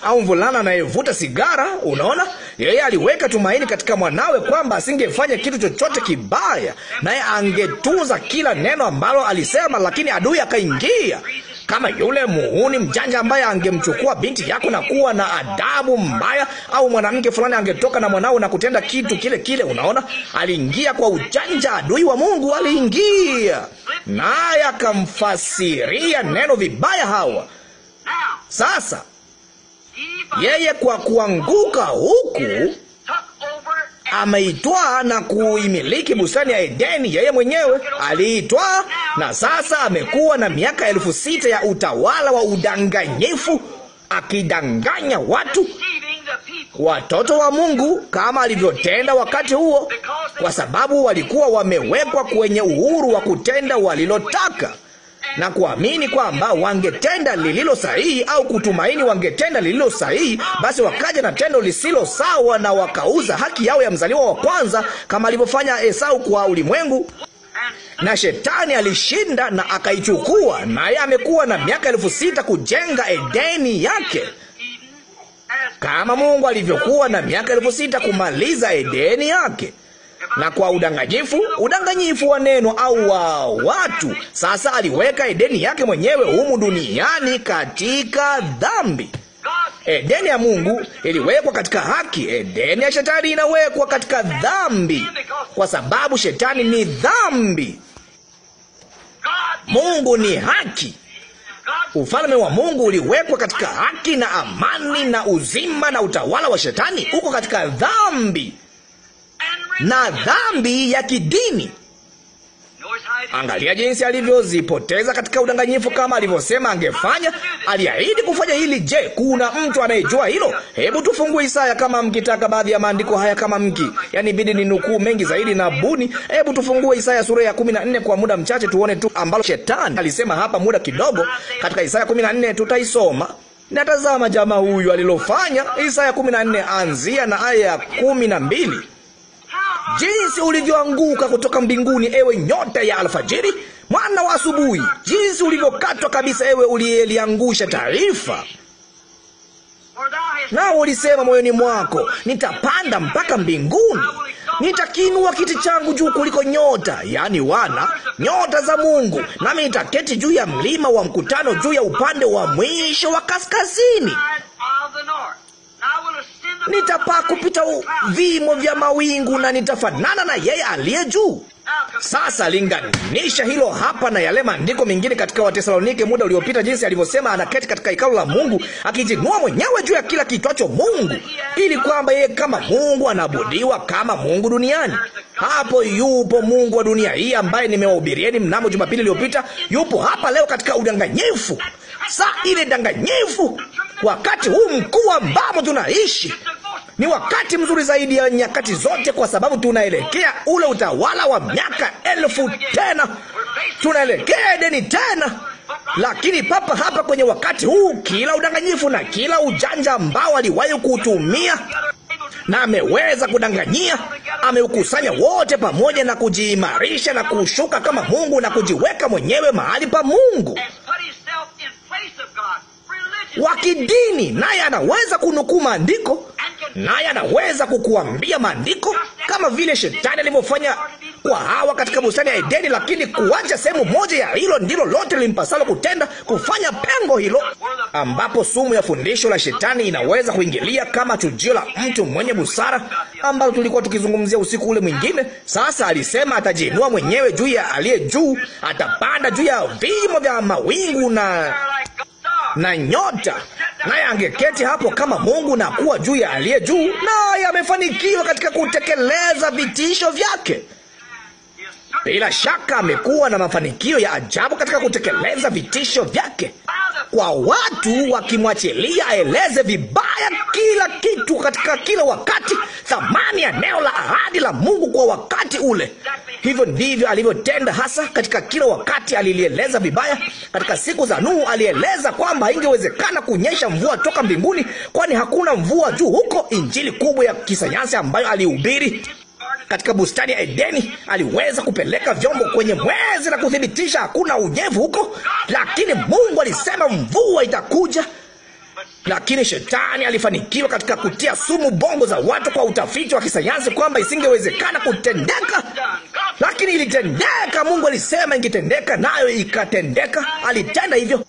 au mvulana anayevuta sigara. Unaona, yeye aliweka tumaini katika mwanawe kwamba asingefanya kitu chochote kibaya, naye angetunza kila neno ambalo alisema, lakini adui akaingia kama yule muhuni mjanja ambaye angemchukua binti yako na kuwa na adabu mbaya, au mwanamke fulani angetoka na mwanao na kutenda kitu kile kile. Unaona, aliingia kwa ujanja. Adui wa Mungu aliingia naye akamfasiria neno vibaya Hawa. Sasa yeye kwa kuanguka huku ameitwaa na kuimiliki bustani ya Edeni. Yeye mwenyewe aliitwaa, na sasa amekuwa na miaka elfu sita ya utawala wa udanganyifu, akidanganya watu watoto wa Mungu kama alivyotenda wakati huo, kwa sababu walikuwa wamewekwa kwenye uhuru wa kutenda walilotaka na kuamini kwamba wangetenda lililo sahihi au kutumaini wangetenda lililo sahihi, basi wakaja na tendo lisilo sawa na wakauza haki yao ya mzaliwa wa kwanza kama alivyofanya Esau kwa ulimwengu na shetani alishinda na akaichukua, naye amekuwa na miaka elfu sita kujenga Edeni yake, kama Mungu alivyokuwa na miaka elfu sita kumaliza Edeni yake na kwa udanganyifu, udanganyifu wa neno au wa watu. Sasa aliweka Edeni yake mwenyewe humu duniani katika dhambi. Edeni ya Mungu iliwekwa katika haki. Edeni ya shetani inawekwa katika dhambi, kwa sababu shetani ni dhambi. Mungu ni haki. Ufalme wa Mungu uliwekwa katika haki na amani, na uzima na utawala wa shetani uko katika dhambi na dhambi ya kidini. Angalia jinsi alivyozipoteza katika udanganyifu, kama alivyosema angefanya. Aliahidi kufanya hili. Je, kuna mtu anayejua hilo? Hebu tufungue Isaya kama mkitaka, baadhi ya maandiko haya kama mki, yani bidi ni nukuu mengi zaidi na buni. Hebu tufungue Isaya sura ya 14 kwa muda mchache, tuone tu ambalo shetani alisema hapa muda kidogo. Katika Isaya 14 tutaisoma na tazama, jamaa huyu alilofanya. Isaya 14 anzia na aya ya mbili jinsi ulivyoanguka kutoka mbinguni, ewe nyota ya alfajiri, mwana wa asubuhi, jinsi ulivyokatwa kabisa, ewe uliyeliangusha taifa. Nawe ulisema moyoni mwako, nitapanda mpaka mbinguni, nitakiinua kiti changu juu kuliko nyota, yaani wana nyota za Mungu, nami nitaketi juu ya mlima wa mkutano, juu ya upande wa mwisho wa kaskazini nitapaa kupita vimo vya mawingu na nitafanana na yeye aliye juu. Sasa linganisha hilo hapa na yale maandiko mengine katika Watesalonike muda uliopita, jinsi alivyosema anaketi katika hekalu la Mungu akijinua mwenyewe juu ya kila kiitwacho Mungu, ili kwamba yeye kama Mungu anabudiwa kama Mungu duniani. Hapo yupo Mungu wa dunia hii ambaye nimewahubirieni mnamo Jumapili iliyopita, yupo hapa leo katika udanganyifu, saa ile danganyifu, wakati huu mkuu ambamo tunaishi ni wakati mzuri zaidi ya nyakati zote, kwa sababu tunaelekea ule utawala wa miaka elfu tena, tunaelekea Edeni tena. Lakini papa hapa kwenye wakati huu, kila udanganyifu na kila ujanja ambao aliwahi kuutumia na ameweza kudanganyia, ameukusanya wote pamoja na kujiimarisha na kushuka kama Mungu na kujiweka mwenyewe mahali pa Mungu wa kidini, naye anaweza kunukuu maandiko naye anaweza kukuambia maandiko kama vile shetani alivyofanya kwa Hawa katika bustani ya Edeni. Lakini kuacha sehemu moja ya hilo ndilo lote limpasalo kutenda, kufanya pengo hilo ambapo sumu ya fundisho la shetani inaweza kuingilia kama chujio la mtu mwenye busara, ambalo tulikuwa tukizungumzia usiku ule mwingine. Sasa alisema atajiinua mwenyewe juu ya aliye juu, atapanda juu ya vimo vya mawingu na na nyota, naye angeketi hapo kama Mungu na kuwa juu ya aliye juu, naye amefanikiwa katika kutekeleza vitisho vyake. Bila shaka amekuwa na mafanikio ya ajabu katika kutekeleza vitisho vyake kwa watu wakimwachilia aeleze vibaya kila kitu katika kila wakati, thamani ya neno la ahadi la Mungu kwa wakati ule. Hivyo ndivyo alivyotenda hasa katika kila wakati, alilieleza vibaya. Katika siku za Nuhu alieleza kwamba ingewezekana kunyesha mvua toka mbinguni, kwani hakuna mvua juu huko, injili kubwa ya kisayansi ambayo alihubiri katika bustani ya Edeni, aliweza kupeleka vyombo kwenye mwezi na kuthibitisha hakuna unyevu huko, lakini Mungu alisema mvua itakuja. Lakini shetani alifanikiwa katika kutia sumu bongo za watu kwa utafiti wa kisayansi kwamba isingewezekana kutendeka, lakini ilitendeka. Mungu alisema ingetendeka, nayo ikatendeka. Alitenda hivyo.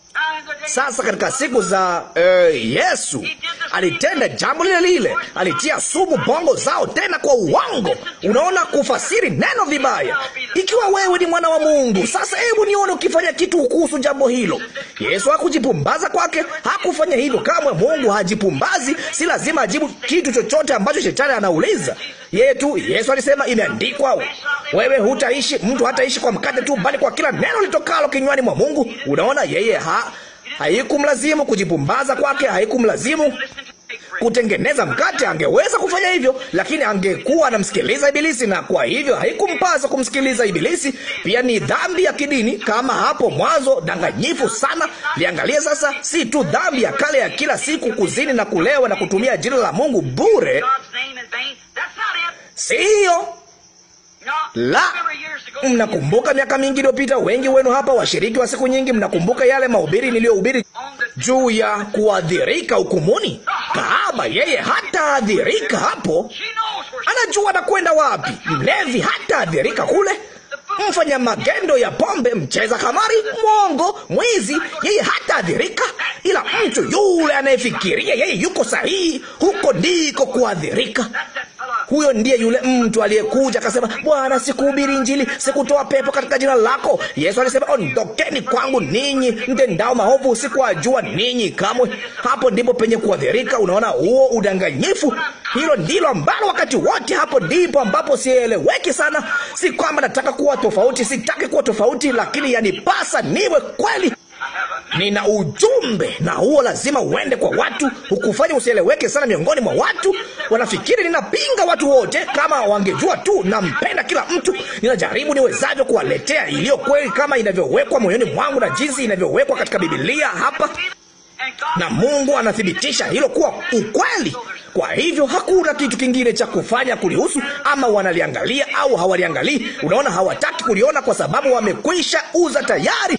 Sasa katika siku za uh, Yesu alitenda jambo lile lile, alitia sumu bongo zao tena kwa uongo. Unaona, kufasiri neno vibaya. Ikiwa wewe ni mwana wa Mungu, sasa hebu nione ukifanya kitu kuhusu jambo hilo. Yesu hakujipumbaza kwake, hakufanya hivyo kamwe. Mungu hajipumbazi, si lazima ajibu kitu chochote ambacho shetani anauliza yeye tu. Yesu alisema, imeandikwa, wewe hutaishi mtu hataishi kwa mkate tu, bali kwa kila neno litokalo kinywani mwa Mungu. Unaona, yeye ha haikumlazimu kujipumbaza kwake, haikumlazimu kutengeneza mkate. Angeweza kufanya hivyo, lakini angekuwa anamsikiliza Ibilisi, na kwa hivyo haikumpasa kumsikiliza Ibilisi. Pia ni dhambi ya kidini, kama hapo mwanzo, danganyifu sana. Liangalie sasa, si tu dhambi ya kale ya kila siku, kuzini na kulewa na kutumia jina la Mungu bure, siyo la. Mnakumbuka miaka mingi iliyopita, wengi wenu hapa washiriki wa siku nyingi, mnakumbuka yale mahubiri niliyohubiri juu ya kuadhirika hukumuni. Kahaba yeye hataadhirika hapo, anajua anakwenda wapi. Mlevi hataadhirika kule. Mfanya magendo ya pombe, mcheza kamari, mwongo, mwizi, yeye hataadhirika. Ila mtu yule anayefikiria yeye yuko sahihi, huko ndiko kuadhirika huyo ndiye yule mtu aliyekuja akasema, Bwana, sikuhubiri Injili, sikutoa pepo katika jina lako. Yesu alisema, ondokeni kwangu ninyi mtendao maovu, sikuwajua ninyi kamwe. Hapo ndipo penye kuadhirika. Unaona huo udanganyifu? Hilo ndilo ambalo wakati wote, hapo ndipo ambapo sieleweki sana. Si kwamba nataka kuwa tofauti, sitaki kuwa tofauti, lakini yanipasa niwe kweli nina ujumbe na huo lazima uende kwa watu, hukufanya usieleweke sana miongoni mwa watu. Wanafikiri ninapinga watu wote, kama wangejua tu. Nampenda kila mtu, ninajaribu niwezavyo kuwaletea iliyo kweli kama inavyowekwa moyoni mwangu na jinsi inavyowekwa katika Biblia hapa na Mungu anathibitisha hilo kuwa ukweli. Kwa hivyo hakuna kitu kingine cha kufanya kulihusu, ama wanaliangalia au hawaliangalii. Unaona, hawataki kuliona kwa sababu wamekwisha uza tayari,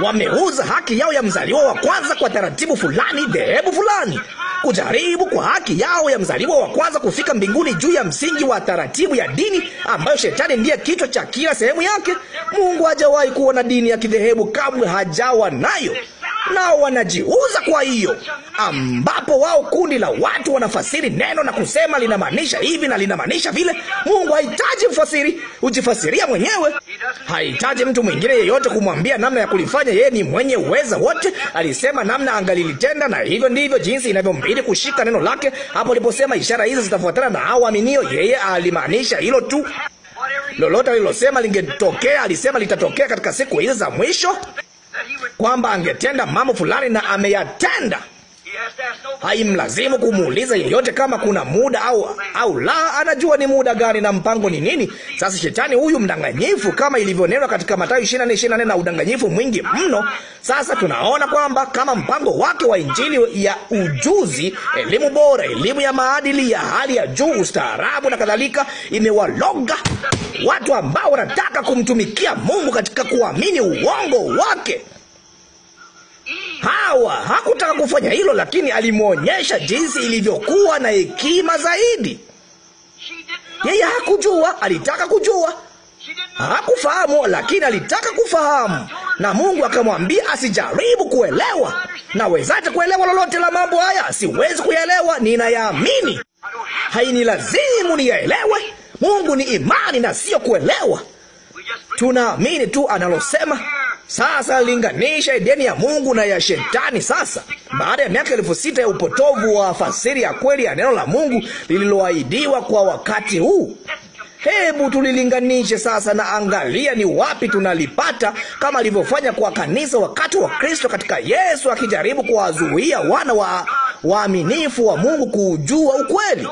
wameuza haki yao ya mzaliwa wa kwanza kwa taratibu fulani, dhehebu fulani, kujaribu kwa haki yao ya mzaliwa wa kwanza kufika mbinguni juu ya msingi wa taratibu ya dini ambayo shetani ndiye kichwa cha kila sehemu yake. Mungu hajawahi kuona dini ya kidhehebu, kamwe hajawa nayo nao wanajiuza. Kwa hiyo ambapo wao kundi la watu wanafasiri neno na kusema linamaanisha hivi na linamaanisha vile. Mungu hahitaji mfasiri, hujifasiria mwenyewe. Hahitaji mtu mwingine yeyote kumwambia namna ya kulifanya. Yeye ni mwenye uweza wote, alisema namna angalilitenda, na hivyo ndivyo jinsi inavyombidi kushika neno lake. Hapo aliposema ishara hizo zitafuatana na hao waaminio, yeye alimaanisha hilo tu. Lolote alilosema lingetokea, alisema litatokea katika siku hizi za mwisho kwamba angetenda mambo fulani na ameyatenda haimlazimu kumuuliza yeyote kama kuna muda au, au la. Anajua ni muda gani na mpango ni nini. Sasa shetani huyu mdanganyifu, kama ilivyonenwa katika Mathayo 24:24 na udanganyifu mwingi mno. Sasa tunaona kwamba kama mpango wake wa injili ya ujuzi, elimu bora, elimu ya maadili ya hali ya juu, ustaarabu na kadhalika, imewaloga watu ambao wanataka kumtumikia Mungu katika kuamini uongo wake. Hawa hakutaka kufanya hilo, lakini alimwonyesha jinsi ilivyokuwa na hekima zaidi. Yeye hakujua, alitaka kujua. Hakufahamu, lakini alitaka kufahamu, na Mungu akamwambia asijaribu kuelewa. Nawezaje kuelewa lolote la mambo haya? Siwezi kuyaelewa, ninayaamini. Haini lazimu niyaelewe. Mungu ni imani na sio kuelewa. Tunaamini tu analosema. Sasa linganisha Edeni ya Mungu na ya Shetani. Sasa baada ya miaka elfu sita ya upotovu wa fasiri ya kweli ya neno la Mungu lililoahidiwa kwa wakati huu, hebu tulilinganishe sasa, na angalia ni wapi tunalipata, kama alivyofanya kwa kanisa wakati wa Kristo katika Yesu, akijaribu kuwazuia wana wa waaminifu wa Mungu kuujua ukweli.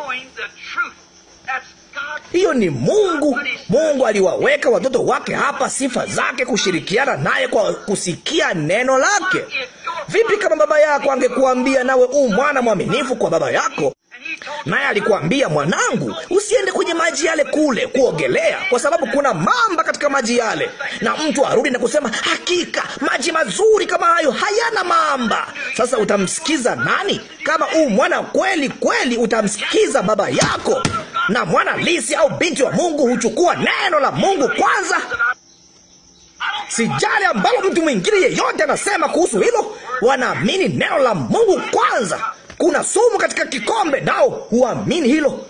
Hiyo ni Mungu. Mungu aliwaweka watoto wake hapa, sifa zake, kushirikiana naye kwa kusikia neno lake. Vipi kama baba yako angekuambia, nawe u mwana mwaminifu kwa baba yako, naye alikuambia, mwanangu, usiende kwenye maji yale kule kuogelea, kwa sababu kuna mamba katika maji yale. Na mtu arudi na kusema, hakika maji mazuri kama hayo hayana mamba. Sasa utamsikiza nani? Kama u mwana kweli kweli, utamsikiza baba yako. Na mwana lisi au binti wa Mungu huchukua neno la Mungu kwanza. Sijali ambalo mtu mwingine yeyote anasema kuhusu hilo, wanaamini neno la Mungu kwanza. Kuna sumu katika kikombe, nao huamini hilo.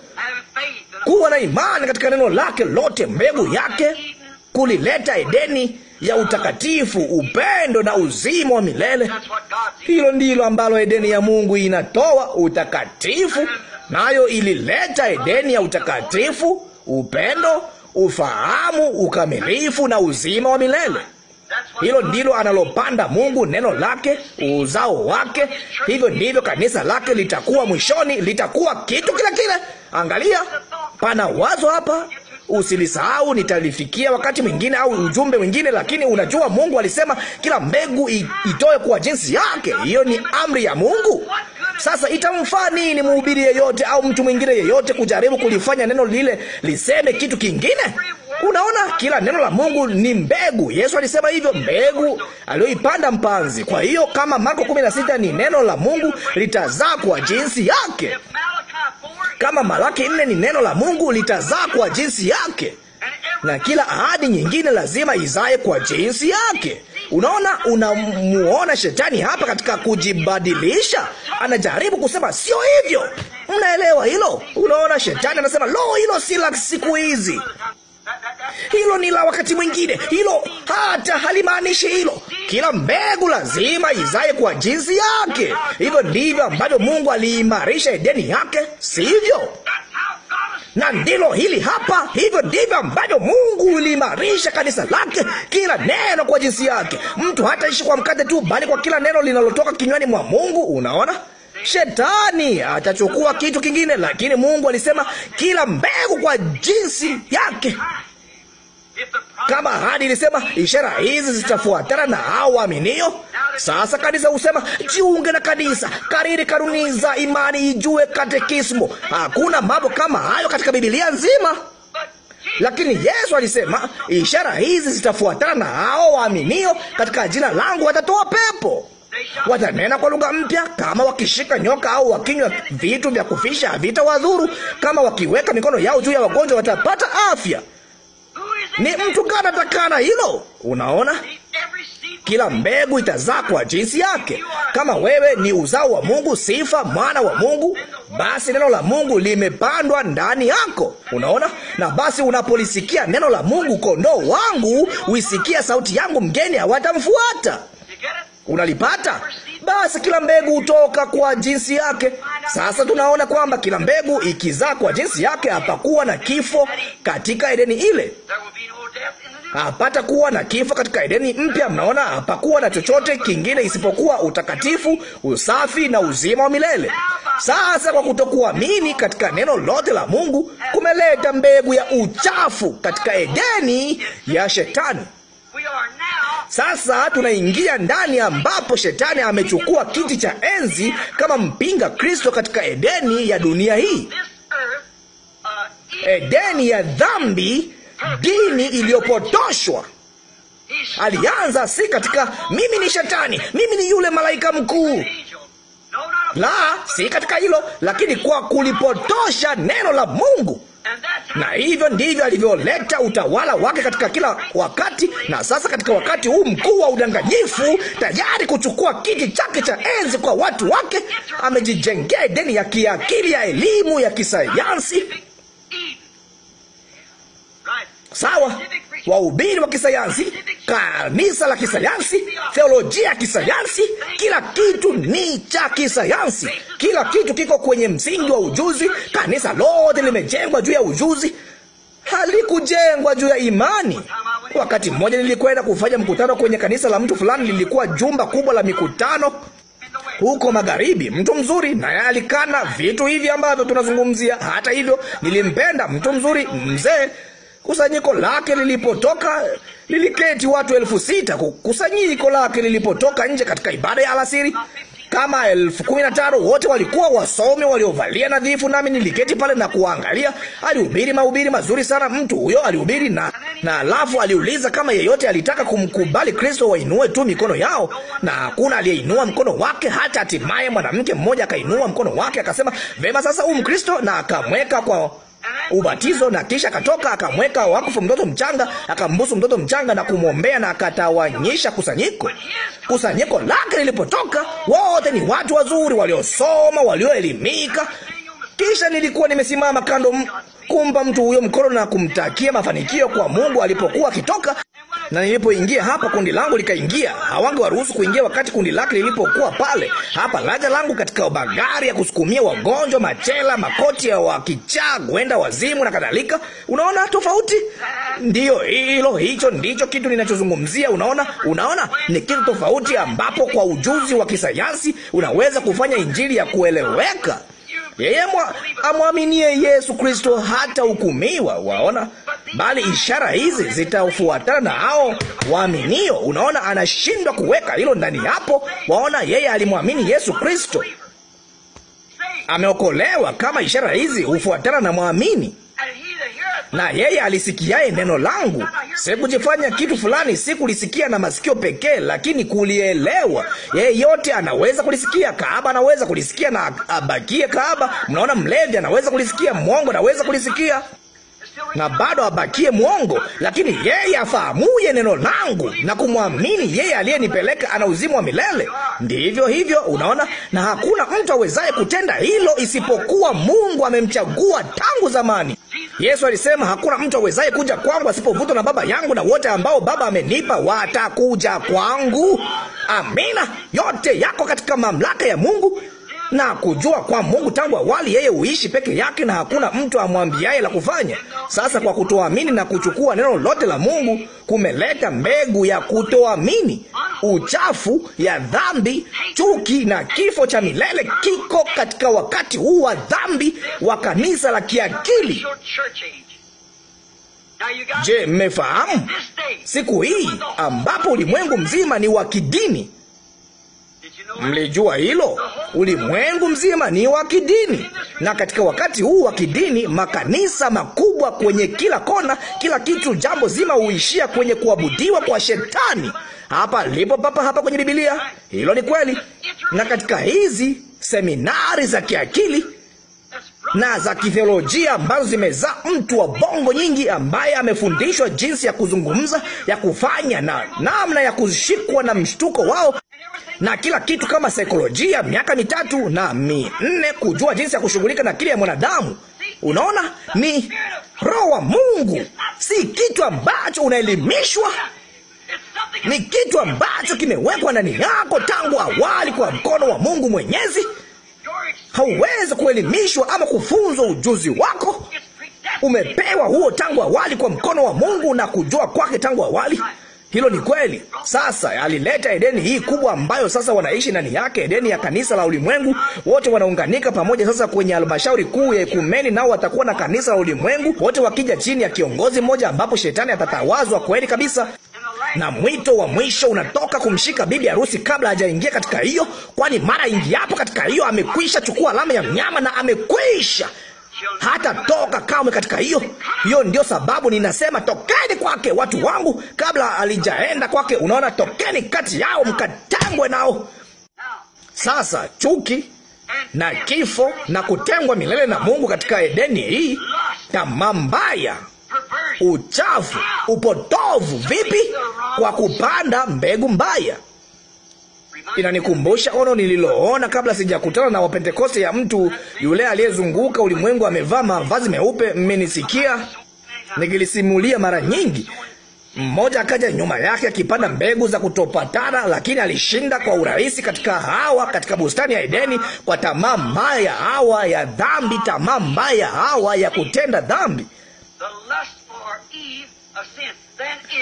Kuwa na imani katika neno lake lote, mbegu yake kulileta Edeni ya utakatifu, upendo na uzima wa milele. Hilo ndilo ambalo Edeni ya Mungu inatoa utakatifu, nayo ilileta Edeni ya utakatifu, upendo, ufahamu, ukamilifu na uzima wa milele. Hilo ndilo analopanda Mungu, neno lake, uzao wake. Hivyo ndivyo kanisa lake litakuwa mwishoni, litakuwa kitu kila kile. Angalia, pana wazo hapa, usilisahau. Nitalifikia wakati mwingine au ujumbe mwingine, lakini unajua Mungu alisema kila mbegu itoe kwa jinsi yake. Hiyo ni amri ya Mungu. Sasa itamfaa nini mhubiri yeyote au mtu mwingine yeyote kujaribu kulifanya neno lile liseme kitu kingine? Unaona, kila neno la Mungu ni mbegu. Yesu alisema hivyo, mbegu aliyoipanda mpanzi. Kwa hiyo kama Marko 16 ni neno la Mungu, litazaa kwa jinsi yake. Kama Malaki 4 ni neno la Mungu, litazaa kwa jinsi yake, na kila ahadi nyingine lazima izae kwa jinsi yake. Unaona, unamuona shetani hapa katika kujibadilisha, anajaribu kusema sio hivyo. Mnaelewa hilo? Unaona, shetani anasema lo, hilo si la siku hizi, hilo ni la wakati mwingine, hilo hata halimaanishi hilo. Kila mbegu lazima izae kwa jinsi yake. Hivyo ndivyo ambavyo Mungu aliimarisha Edeni yake, sivyo? na ndilo hili hapa. Hivyo ndivyo ambavyo Mungu uliimarisha kanisa lake, kila neno kwa jinsi yake. Mtu hataishi kwa mkate tu, bali kwa kila neno linalotoka kinywani mwa Mungu. Unaona, Shetani atachukua kitu kingine, lakini Mungu alisema kila mbegu kwa jinsi yake. Kama hadi ilisema ishara hizi zitafuatana na hao waaminio. Sasa kanisa husema jiunge na kanisa, kariri kanuni za imani, ijue katekismo. Hakuna mambo kama hayo katika Biblia nzima. Lakini Yesu alisema ishara hizi zitafuatana na hao waaminio, katika jina langu watatoa pepo, watanena kwa lugha mpya, kama wakishika nyoka au wakinywa vitu vya kufisha wadhuru, kama wakiweka mikono yao juu ya wagonjwa watapata afya. Ni mtu gani atakana hilo? Unaona, kila mbegu itazaa kwa jinsi yake. Kama wewe ni uzao wa Mungu, sifa mwana wa Mungu, basi neno la Mungu limepandwa ndani yako. Unaona, na basi unapolisikia neno la Mungu, kondoo wangu huisikia sauti yangu, mgeni hawatamfuata. Unalipata? Basi kila mbegu hutoka kwa jinsi yake. Sasa tunaona kwamba kila mbegu ikizaa kwa jinsi yake, hapakuwa na kifo katika Edeni ile, hapata kuwa na kifo katika Edeni mpya. Mnaona, hapakuwa na chochote kingine isipokuwa utakatifu, usafi na uzima wa milele. Sasa kwa kutokuamini katika neno lote la Mungu kumeleta mbegu ya uchafu katika Edeni ya Shetani. Sasa tunaingia ndani ambapo shetani amechukua kiti cha enzi kama mpinga Kristo katika Edeni ya dunia hii, Edeni ya dhambi, dini iliyopotoshwa. Alianza si katika mimi ni shetani, mimi ni yule malaika mkuu la si katika hilo, lakini kwa kulipotosha neno la Mungu na hivyo ndivyo alivyoleta utawala wake katika kila wakati. Na sasa katika wakati huu mkuu wa udanganyifu, tayari kuchukua kiti chake cha enzi kwa watu wake, amejijengea deni ya kiakili, ya elimu, ya kisayansi. Sawa, wahubiri wa kisayansi kanisa la kisayansi, theolojia ya kisayansi, kila kitu ni cha kisayansi. Kila kitu kiko kwenye msingi wa ujuzi. Kanisa lote limejengwa juu ya ujuzi, halikujengwa juu ya imani. Wakati mmoja nilikwenda kufanya mkutano kwenye kanisa la mtu fulani, lilikuwa jumba kubwa la mikutano huko magharibi. Mtu mzuri, naye alikana vitu hivi ambavyo tunazungumzia. Hata hivyo, nilimpenda mtu mzuri, mzee Kusanyiko lake lilipotoka liliketi watu elfu sita. Kusanyiko lake lilipotoka nje katika ibada ya alasiri kama elfu kumi na tano. Wote walikuwa wasomi waliovalia nadhifu, nami niliketi pale na kuangalia. Alihubiri mahubiri mazuri sana mtu huyo alihubiri, na na alafu aliuliza kama yeyote alitaka kumkubali Kristo wainue tu mikono yao, na hakuna aliyeinua mkono wake. Hata hatimaye mwanamke mmoja akainua mkono wake akasema, vema, sasa huu Mkristo, na akamweka kwa ubatizo, na kisha akatoka akamweka wakufu mtoto mchanga, akambusu mtoto mchanga na kumwombea, na akatawanyisha kusanyiko. Kusanyiko lake lilipotoka, wote ni watu wazuri waliosoma, walioelimika. Kisha nilikuwa nimesimama kando kumpa mtu huyo mkono na kumtakia mafanikio kwa Mungu alipokuwa akitoka, na nilipoingia hapa, kundi langu likaingia. waruhusu kuingia wakati kundi lake lilipokuwa pale. Hapa laja langu katika magari ya kusukumia wagonjwa, machela, makoti ya wakichaa, kwenda wazimu na kadhalika. Unaona tofauti? Ndiyo hilo, hicho ndicho kitu ninachozungumzia. Unaona, unaona ni kitu tofauti, ambapo kwa ujuzi wa kisayansi unaweza kufanya injili ya kueleweka. Yeye amwaminie Yesu Kristo hata hukumiwa waona? Bali ishara hizi zitafuatana na hao waaminio. Unaona, anashindwa kuweka hilo ndani hapo, waona? Yeye alimwamini Yesu Kristo, ameokolewa. Kama ishara hizi hufuatana na mwamini na yeye alisikiaye neno langu. Sikujifanya kitu fulani, si kulisikia na masikio pekee, lakini kulielewa. Yeyote anaweza kulisikia. Kahaba anaweza kulisikia na abakie kahaba. Mnaona, mlevi anaweza kulisikia, mwongo anaweza kulisikia na bado abakie mwongo, lakini yeye afahamuye neno langu na kumwamini yeye aliyenipeleka ana uzima wa milele. Ndivyo hivyo, unaona, na hakuna mtu awezaye kutenda hilo isipokuwa Mungu amemchagua tangu zamani. Yesu alisema, hakuna mtu awezaye kuja kwangu asipovutwa na Baba yangu, na wote ambao Baba amenipa watakuja kwangu. Amina. Yote yako katika mamlaka ya Mungu na kujua kwa Mungu tangu awali, yeye huishi peke yake na hakuna mtu amwambiaye la kufanya. Sasa kwa kutoamini na kuchukua neno lote la Mungu kumeleta mbegu ya kutoamini, uchafu ya dhambi, chuki na kifo cha milele kiko katika wakati huu wa dhambi wa kanisa la kiakili. Je, mmefahamu siku hii ambapo ulimwengu mzima ni wa kidini? Mlijua hilo? Ulimwengu mzima ni wa kidini, na katika wakati huu wa kidini, makanisa makubwa kwenye kila kona, kila kitu, jambo zima huishia kwenye kuabudiwa kwa Shetani. Hapa lipo papa hapa kwenye Biblia, hilo ni kweli. Na katika hizi seminari za kiakili na za kithiolojia ambazo zimezaa mtu wa bongo nyingi ambaye amefundishwa jinsi ya kuzungumza, ya kufanya na namna ya kushikwa na mshtuko wao na kila kitu kama saikolojia, miaka mitatu na minne kujua jinsi ya kushughulika na kile ya mwanadamu. Unaona, ni roho wa Mungu, si kitu ambacho unaelimishwa ni kitu ambacho kimewekwa ndani yako tangu awali kwa mkono wa Mungu Mwenyezi. Hauwezi kuelimishwa ama kufunzwa. Ujuzi wako umepewa huo tangu awali kwa mkono wa Mungu na kujua kwake tangu awali. Hilo ni kweli. Sasa alileta Edeni hii kubwa ambayo sasa wanaishi ndani yake, Edeni ya kanisa la ulimwengu. Wote wanaunganika pamoja sasa kwenye halmashauri kuu ya ekumeni, nao watakuwa na kanisa la ulimwengu, wote wakija chini ya kiongozi mmoja, ambapo shetani atatawazwa kweli kabisa na mwito wa mwisho unatoka kumshika bibi harusi kabla hajaingia katika hiyo, kwani mara ingiapo katika hiyo amekwisha chukua alama ya mnyama na amekwisha hatatoka kamwe katika hiyo. Hiyo ndio sababu ninasema tokeni kwake, watu wangu, kabla alijaenda kwake. Unaona, tokeni kati yao, mkatengwe nao. Sasa chuki na kifo na kutengwa milele na Mungu katika Edeni hii, tamaa mbaya, uchafu, upotovu, vipi? Kwa kupanda mbegu mbaya inanikumbusha ono nililoona kabla sijakutana na Wapentekoste ya mtu yule aliyezunguka ulimwengu amevaa mavazi meupe. Mmenisikia nikilisimulia mara nyingi. Mmoja akaja nyuma yake akipanda mbegu za kutopatana, lakini alishinda kwa urahisi katika Hawa, katika bustani ya Edeni, kwa tamaa mbaya ya Hawa ya dhambi, tamaa mbaya ya Hawa ya kutenda dhambi.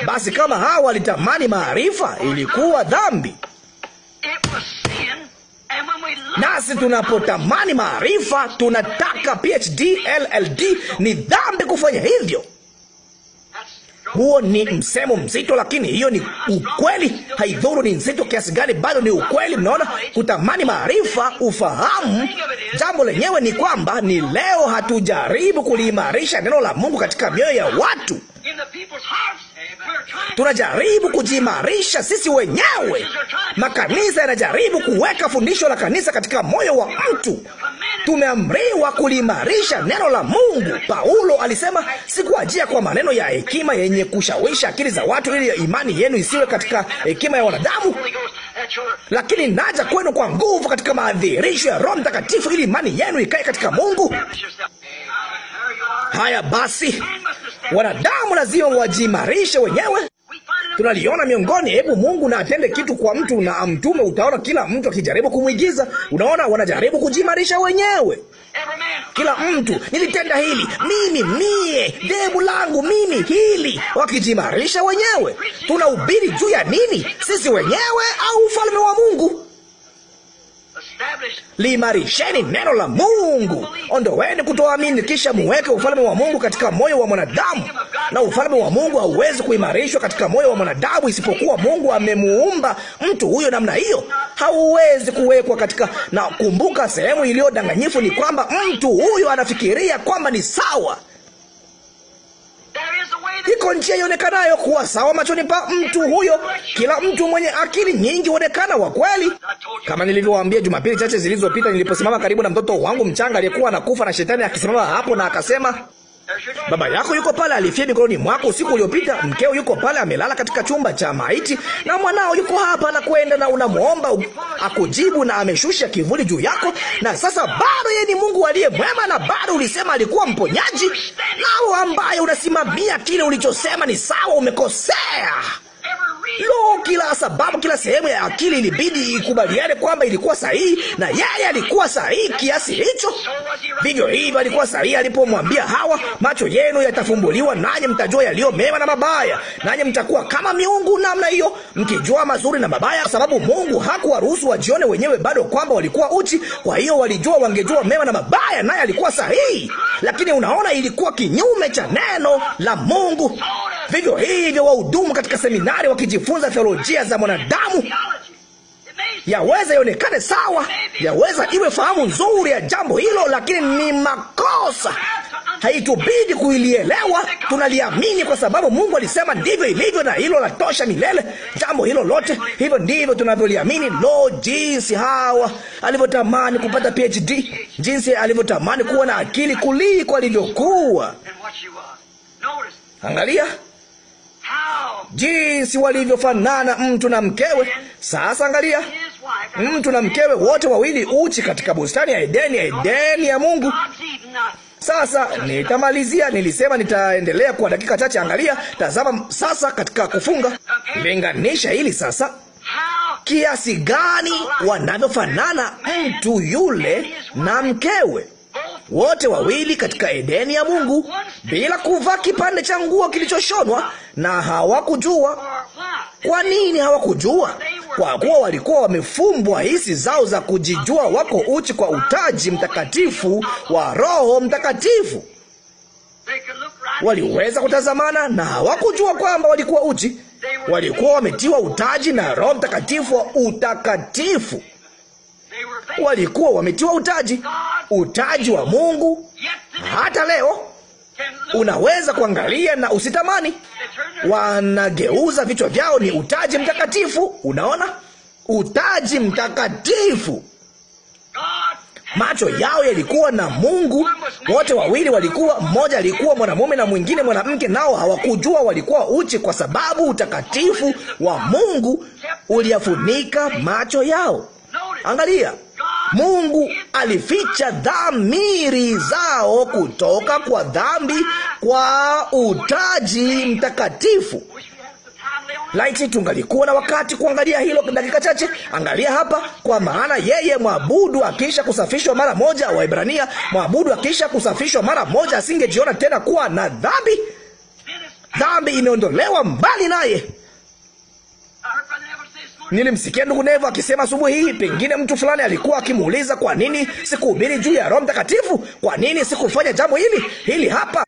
Basi kama Hawa alitamani maarifa, ilikuwa dhambi. Nasi tunapotamani maarifa, tunataka PhD, LLD. Ni dhambi kufanya hivyo. Huo ni msemo mzito, lakini hiyo ni ukweli. Haidhuru ni nzito kiasi gani, bado ni ukweli. Mnaona, kutamani maarifa, ufahamu. Jambo lenyewe ni kwamba ni leo hatujaribu kuliimarisha neno la Mungu katika mioyo ya watu tunajaribu kujimarisha sisi wenyewe. Makanisa yanajaribu kuweka fundisho la kanisa katika moyo wa mtu. Tumeamriwa kuliimarisha neno la Mungu. Paulo alisema, sikuajia kwa maneno ya hekima yenye kushawisha akili za watu, ili imani yenu isiwe katika hekima ya wanadamu, lakini naja kwenu kwa nguvu katika maadhirisho ya Roho Mtakatifu, ili imani yenu ikae katika Mungu. Haya basi, wanadamu lazima wajimarishe wenyewe tunaliona miongoni. Hebu Mungu na atende kitu kwa mtu na amtume. Utaona kila mtu akijaribu kumwigiza. Unaona, wanajaribu kujimarisha wenyewe. Kila mtu, nilitenda hili mimi, mie, debu langu mimi, hili, wakijimarisha wenyewe. Tunahubiri juu ya nini? Sisi wenyewe au ufalme wa Mungu? liimarisheni neno la Mungu, ondoweni kutoamini, kisha muweke ufalme wa Mungu katika moyo wa mwanadamu. Na ufalme wa Mungu hauwezi kuimarishwa katika moyo wa mwanadamu, isipokuwa Mungu amemuumba mtu huyo namna hiyo, hauwezi kuwekwa katika. Na kumbuka, sehemu iliyo danganyifu ni kwamba mtu huyo anafikiria kwamba ni sawa Iko njia ionekanayo kuwa sawa machoni pa mtu huyo. Kila mtu mwenye akili nyingi huonekana wa kweli. Kama nilivyowaambia Jumapili chache zilizopita, niliposimama karibu na mtoto wangu mchanga aliyekuwa anakufa na shetani akisimama hapo na akasema Baba yako yuko pale, alifia mikononi mwako usiku uliopita. Mkeo yuko pale, amelala katika chumba cha maiti, na mwanao yuko hapa na kwenda na unamwomba akujibu, na ameshusha kivuli juu yako, na sasa bado yeye ni Mungu aliye mwema, na bado ulisema alikuwa mponyaji, nao ambaye unasimamia kile ulichosema ni sawa, umekosea. Lo, kila sababu, kila sehemu ya akili ilibidi ikubaliane kwamba ilikuwa sahihi, na yeye alikuwa sahihi kiasi hicho. Vivyo hivyo alikuwa sahihi alipomwambia Hawa, macho yenu yatafumbuliwa, nanyi mtajua yaliyo mema na mabaya, nanyi mtakuwa kama miungu namna hiyo, mkijua mazuri na mabaya, sababu Mungu hakuwaruhusu wajione wenyewe bado kwamba walikuwa uchi. Kwa hiyo walijua, wangejua mema na mabaya, naye alikuwa sahihi. Lakini unaona, ilikuwa kinyume cha neno la Mungu. Vivyo hivyo wahudumu katika seminari wakijifunza theolojia za mwanadamu. Yaweza ionekane sawa, yaweza iwe fahamu nzuri ya jambo hilo, lakini ni makosa. Haitubidi kuilielewa, tunaliamini kwa sababu Mungu alisema ndivyo ilivyo, na hilo latosha milele. Jambo hilo lote, hivyo ndivyo tunavyoliamini. Lo, jinsi hawa alivyotamani kupata PhD, jinsi alivyotamani kuwa na akili kuliko alivyokuwa. Angalia jinsi walivyofanana mtu na mkewe. Sasa angalia, mtu na mkewe wote wawili uchi katika bustani ya Edeni, ya Edeni ya Mungu. Sasa nitamalizia, nilisema nitaendelea kwa dakika chache. Angalia, tazama sasa, katika kufunga, linganisha hili sasa kiasi gani wanavyofanana mtu yule na mkewe wote wawili katika Edeni ya Mungu bila kuvaa kipande cha nguo kilichoshonwa, na hawakujua. Kwa nini hawakujua? Kwa kuwa walikuwa wamefumbwa hisi zao za kujijua wako uchi kwa utaji mtakatifu wa Roho Mtakatifu. Waliweza kutazamana na hawakujua kwamba walikuwa uchi. Walikuwa wametiwa utaji na Roho Mtakatifu wa utakatifu walikuwa wametiwa utaji utaji wa Mungu. Hata leo unaweza kuangalia na usitamani, wanageuza vichwa vyao. Ni utaji mtakatifu. Unaona, utaji mtakatifu. Macho yao yalikuwa na Mungu. Wote wawili walikuwa, mmoja alikuwa mwanamume na mwingine mwanamke, nao hawakujua walikuwa uchi, kwa sababu utakatifu wa Mungu uliyafunika macho yao. Angalia Mungu alificha dhamiri zao kutoka kwa dhambi kwa utaji mtakatifu. Laiti tungalikuwa na wakati kuangalia hilo dakika chache. Angalia hapa, kwa maana yeye mwabudu akiisha kusafishwa mara moja, Waibrania, mwabudu akiisha kusafishwa mara moja asingejiona tena kuwa na dhambi. Dhambi imeondolewa mbali naye. Nilimsikia ndugu Nevo akisema asubuhi hii, pengine mtu fulani alikuwa akimuuliza kwa nini sikuhubiri juu ya Roho Mtakatifu, kwa nini sikufanya jambo hili hili hapa.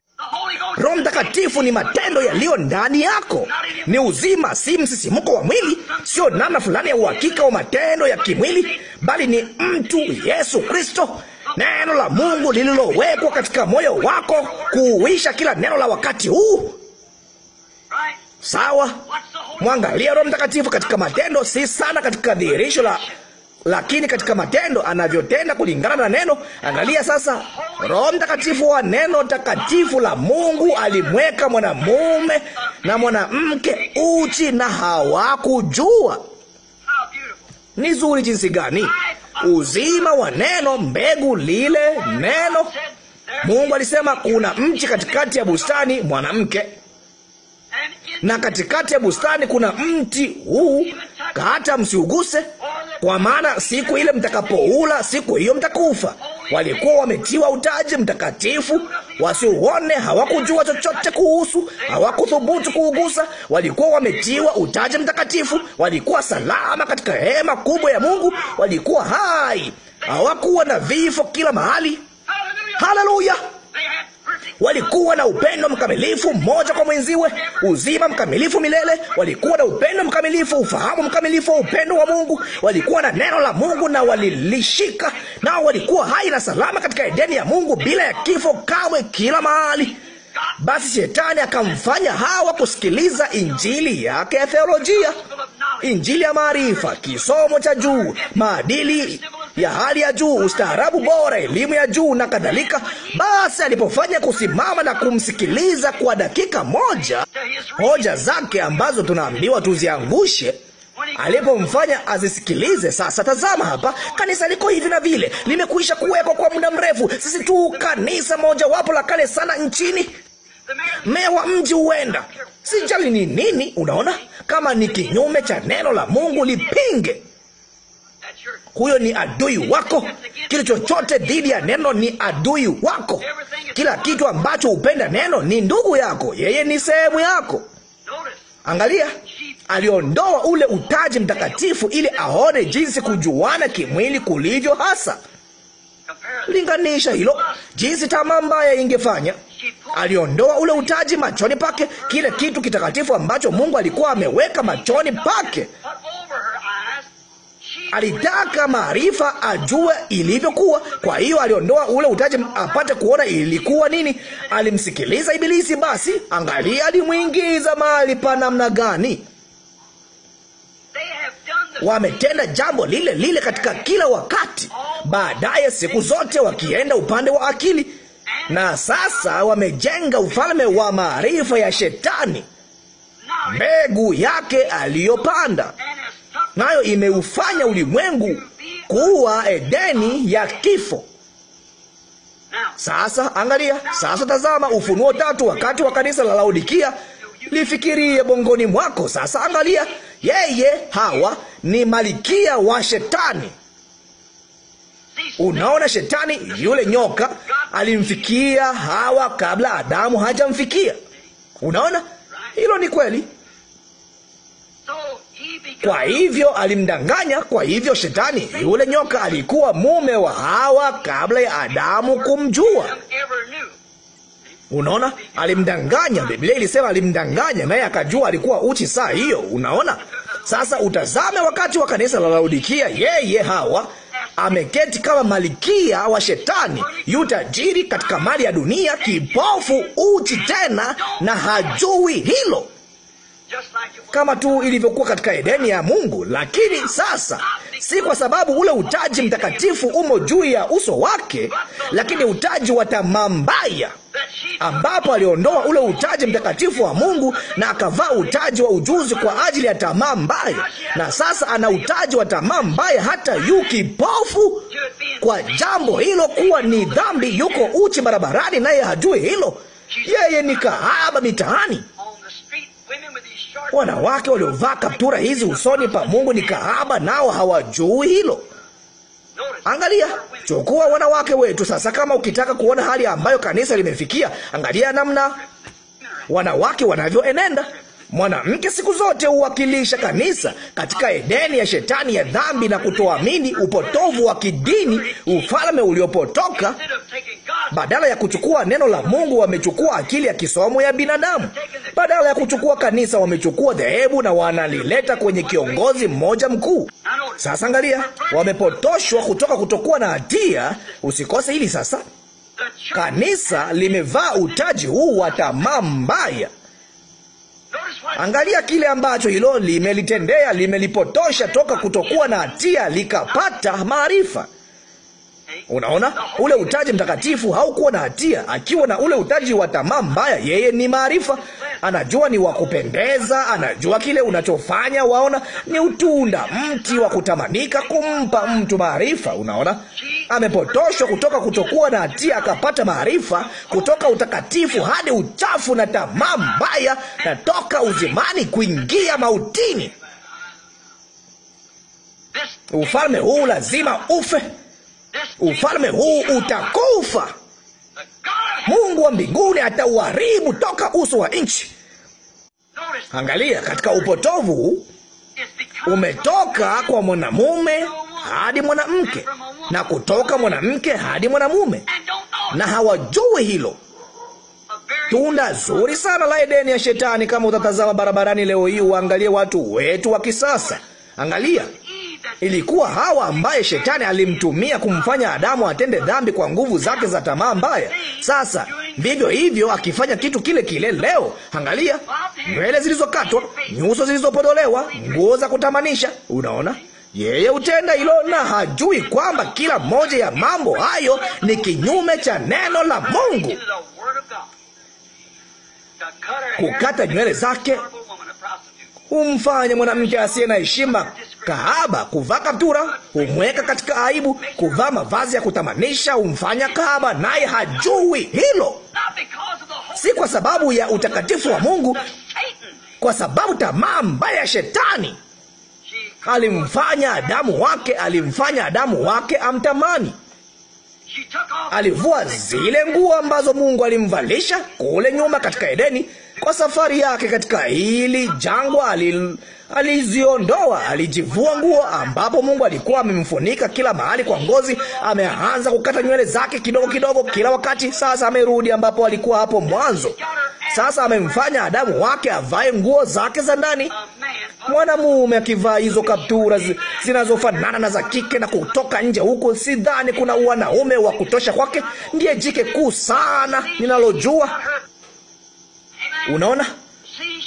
Roho Mtakatifu ni matendo yaliyo ndani yako, ni uzima, si msisimko wa mwili, sio namna fulani ya uhakika wa matendo ya kimwili, bali ni mtu Yesu Kristo, neno la Mungu lililowekwa katika moyo wako kuuisha kila neno la wakati huu. Sawa, mwangalia Roho Mtakatifu katika matendo, si sana katika dhihirisho la lakini katika matendo anavyotenda kulingana na neno. Angalia sasa, Roho Mtakatifu wa neno takatifu la Mungu alimweka mwanamume na mwanamke uchi na hawakujua. Ni zuri jinsi gani! Uzima wa neno, mbegu lile neno. Mungu alisema kuna mchi katikati ya bustani, mwanamke na katikati ya bustani kuna mti huu, kata msiuguse, kwa maana siku ile mtakapoula, siku hiyo mtakufa. Walikuwa wametiwa utaji mtakatifu, wasiuone, hawakujua chochote kuhusu, hawakuthubutu kuugusa. Walikuwa wametiwa utaji mtakatifu, walikuwa salama katika hema kubwa ya Mungu, walikuwa hai, hawakuwa na vifo kila mahali. Haleluya! Walikuwa na upendo mkamilifu mmoja kwa mwenziwe, uzima mkamilifu milele. Walikuwa na upendo mkamilifu, ufahamu mkamilifu wa upendo wa Mungu. Walikuwa na neno la Mungu na walilishika, nao walikuwa hai na salama katika Edeni ya Mungu bila ya kifo kamwe, kila mahali. Basi shetani akamfanya Hawa kusikiliza injili yake ya theolojia, injili ya maarifa, kisomo cha juu, maadili ya hali ya juu, ustaarabu bora, elimu ya juu na kadhalika. Basi alipofanya kusimama na kumsikiliza kwa dakika moja hoja zake ambazo tunaambiwa tuziangushe alipomfanya azisikilize. Sasa tazama hapa, kanisa liko hivi na vile, limekwisha kuwekwa kwa muda mrefu. Sisi tu kanisa mojawapo la kale sana nchini, meya wa mji huenda, sijali ni nini. Unaona, kama ni kinyume cha neno la Mungu lipinge huyo ni adui wako. Kitu chochote dhidi ya neno ni adui wako. Kila kitu ambacho hupenda neno ni ndugu yako, yeye ni sehemu yako. Angalia, aliondoa ule utaji mtakatifu ili aone jinsi kujuana kimwili kulivyo hasa. Linganisha hilo, jinsi tamaa mbaya ingefanya. Aliondoa ule utaji machoni pake, kile kitu kitakatifu ambacho Mungu alikuwa ameweka machoni pake. Alitaka maarifa, ajue ilivyokuwa. Kwa hiyo aliondoa ule utaji apate kuona ilikuwa nini. Alimsikiliza Ibilisi. Basi angalia, alimwingiza mahali pa namna gani. Wametenda jambo lile lile katika kila wakati, baadaye siku zote wakienda upande wa akili, na sasa wamejenga ufalme wa maarifa ya Shetani, mbegu yake aliyopanda nayo imeufanya ulimwengu kuwa Edeni ya kifo. Sasa angalia, sasa tazama Ufunuo tatu, wakati wa kanisa la Laodikia. Lifikirie bongoni mwako sasa. Angalia, yeye Hawa ni malikia wa Shetani. Unaona, Shetani yule nyoka alimfikia Hawa kabla Adamu hajamfikia. Unaona, hilo ni kweli. Kwa hivyo alimdanganya. Kwa hivyo shetani yule nyoka alikuwa mume wa Hawa kabla ya Adamu kumjua. Unaona, alimdanganya. Biblia ilisema alimdanganya, naye akajua alikuwa uchi saa hiyo. Unaona, sasa utazame wakati wa kanisa la Laodikia, yeye Hawa ameketi kama malikia wa Shetani, yu tajiri katika mali ya dunia, kipofu, uchi tena, na hajui hilo kama tu ilivyokuwa katika Edeni ya Mungu. Lakini sasa si kwa sababu ule utaji mtakatifu umo juu ya uso wake, lakini utaji wa tamaa mbaya, ambapo aliondoa ule utaji mtakatifu wa Mungu na akavaa utaji wa ujuzi kwa ajili ya tamaa mbaya, na sasa ana utaji wa tamaa mbaya, hata yu kipofu kwa jambo hilo kuwa ni dhambi, yuko uchi barabarani, naye hajui hilo. Yeye ni kahaba mitaani. Wanawake waliovaa kaptura hizi usoni pa Mungu ni kahaba, nao hawajui hilo. Angalia, chukua wanawake wetu sasa, kama ukitaka kuona hali ambayo kanisa limefikia, angalia namna wanawake wanavyoenenda. Mwanamke siku zote huwakilisha kanisa katika Edeni ya shetani ya dhambi na kutoamini, upotovu wa kidini, ufalme uliopotoka. Badala ya kuchukua neno la Mungu, wamechukua akili ya kisomo ya binadamu. Badala ya kuchukua kanisa, wamechukua dhehebu na wanalileta kwenye kiongozi mmoja mkuu. Sasa angalia, wamepotoshwa kutoka kutokuwa na hatia. Usikose hili sasa. Kanisa limevaa utaji huu wa tamaa mbaya. Angalia kile ambacho hilo limelitendea, limelipotosha toka kutokuwa na hatia likapata maarifa. Unaona, ule utaji mtakatifu haukuwa na hatia. Akiwa na ule utaji wa tamaa mbaya, yeye ni maarifa, anajua ni wa kupendeza, anajua kile unachofanya. Waona, ni utunda mti wa kutamanika, kumpa mtu maarifa. Unaona, amepotoshwa kutoka kutokuwa na hatia akapata maarifa, kutoka utakatifu hadi uchafu na tamaa mbaya, na toka uzimani kuingia mautini. Ufalme huu lazima ufe. Ufalme huu utakufa. Mungu wa mbinguni atauharibu toka uso wa nchi. Angalia, katika upotovu umetoka kwa mwanamume hadi mwanamke na kutoka mwanamke hadi mwanamume, na hawajui hilo. Tunda zuri sana la Edeni ya Shetani. Kama utatazama barabarani leo hii, uangalie watu wetu wa kisasa, angalia Ilikuwa Hawa ambaye shetani alimtumia kumfanya Adamu atende dhambi kwa nguvu zake za tamaa mbaya. Sasa vivyo hivyo akifanya kitu kile kile leo. Angalia nywele zilizokatwa, nyuso zilizopodolewa, nguo za kutamanisha. Unaona, yeye utenda hilo na hajui kwamba kila moja ya mambo hayo ni kinyume cha neno la Mungu. Kukata nywele zake humfanya mwanamke asiye na heshima kahaba. Kuvaa kaptura humweka katika aibu, kuvaa mavazi ya kutamanisha humfanya kahaba, naye hajui hilo, si kwa sababu ya utakatifu wa Mungu, kwa sababu tamaa mbaya ya shetani alimfanya Adamu wake, alimfanya Adamu wake amtamani. Alivua zile nguo ambazo Mungu alimvalisha kule nyuma katika Edeni kwa safari yake katika hili jangwa alil, aliziondoa, alijivua nguo ambapo Mungu alikuwa amemfunika kila mahali kwa ngozi. Ameanza kukata nywele zake kidogo kidogo kila wakati. Sasa amerudi ambapo alikuwa hapo mwanzo. Sasa amemfanya Adamu wake avae nguo zake za ndani, mwanamume akivaa hizo kaptura zinazofanana na za kike na kutoka nje huko. Sidhani kuna wanaume wa kutosha kwake. Ndiye jike kuu sana ninalojua. Unaona,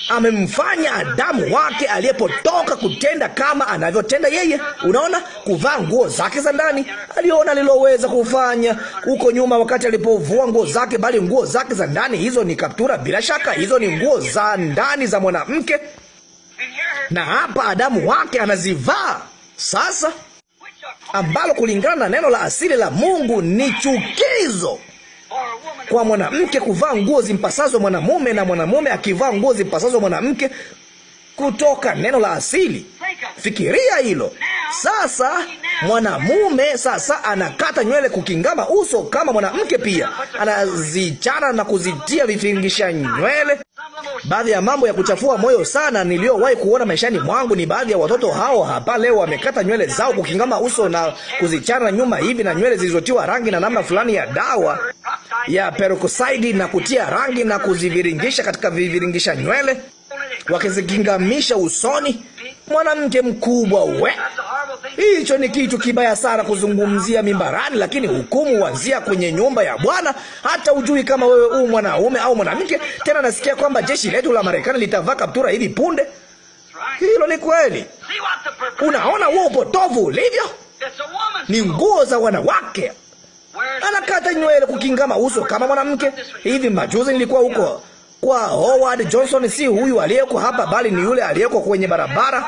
amemfanya Adamu wake aliyepotoka kutenda kama anavyotenda yeye. Unaona, kuvaa nguo zake za ndani. Aliona aliloweza kufanya huko nyuma wakati alipovua nguo zake, bali nguo zake za ndani hizo ni kaptura. Bila shaka hizo ni nguo za ndani za mwanamke, na hapa Adamu wake anazivaa sasa, ambalo kulingana na neno la asili la Mungu ni chukizo kwa mwanamke kuvaa nguo zimpasazo mwanamume na mwanamume akivaa nguo zimpasazo mwanamke kutoka neno la asili. Fikiria hilo sasa. Mwanamume sasa anakata nywele kukingama uso kama mwanamke, pia anazichana na kuzitia vifingisha nywele. Baadhi ya mambo ya kuchafua moyo sana niliyowahi kuona maishani mwangu ni baadhi ya watoto hao hapa leo wamekata nywele zao kukingama uso na kuzichana nyuma hivi na nywele zilizotiwa rangi na namna fulani ya dawa ya peroksaidi na kutia rangi na kuziviringisha katika viviringisha nywele, wakizikingamisha usoni. Mwanamke mkubwa we, hicho ni kitu kibaya sana kuzungumzia mimbarani, lakini hukumu wanzia kwenye nyumba ya Bwana. Hata ujui kama wewe u mwanaume au mwanamke. Tena nasikia kwamba jeshi letu la Marekani litavaa kaptura hivi punde. Hilo ni kweli. Unaona huo upotovu ulivyo? Ni nguo za wanawake anakata nywele kukingama uso kama mwanamke. Hivi majuzi nilikuwa huko kwa Howard Johnson, si huyu aliyeko hapa, bali ni yule aliyeko kwenye barabara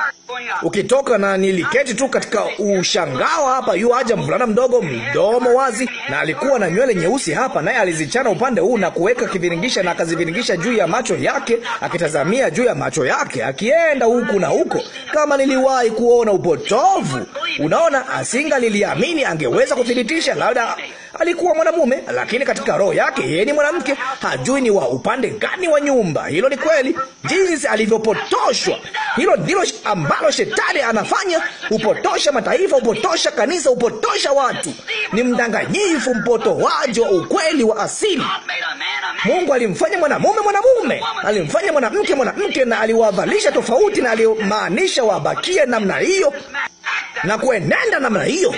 ukitoka, na niliketi tu katika ushangao. Hapa yu aja mvulana mdogo, mdomo wazi, na alikuwa na nywele nyeusi hapa, naye alizichana upande huu na kuweka kiviringisha, na akaziviringisha juu ya macho yake, akitazamia juu ya macho yake, akienda huku na huko. Kama niliwahi kuona upotovu, unaona, asinga liliamini angeweza kuthibitisha labda Alikuwa mwanamume, lakini katika roho yake yeye ni mwanamke. Hajui ni wa upande gani wa nyumba. Hilo ni kweli, jinsi alivyopotoshwa. Hilo ndilo ambalo shetani anafanya: upotosha mataifa, upotosha kanisa, upotosha watu. Ni mdanganyifu, mpotowaji wa ukweli wa asili. Mungu alimfanya mwanamume mwanamume, alimfanya mwanamke mwanamke, na aliwavalisha tofauti, na alimaanisha wabakie namna hiyo na kuenenda namna hiyo.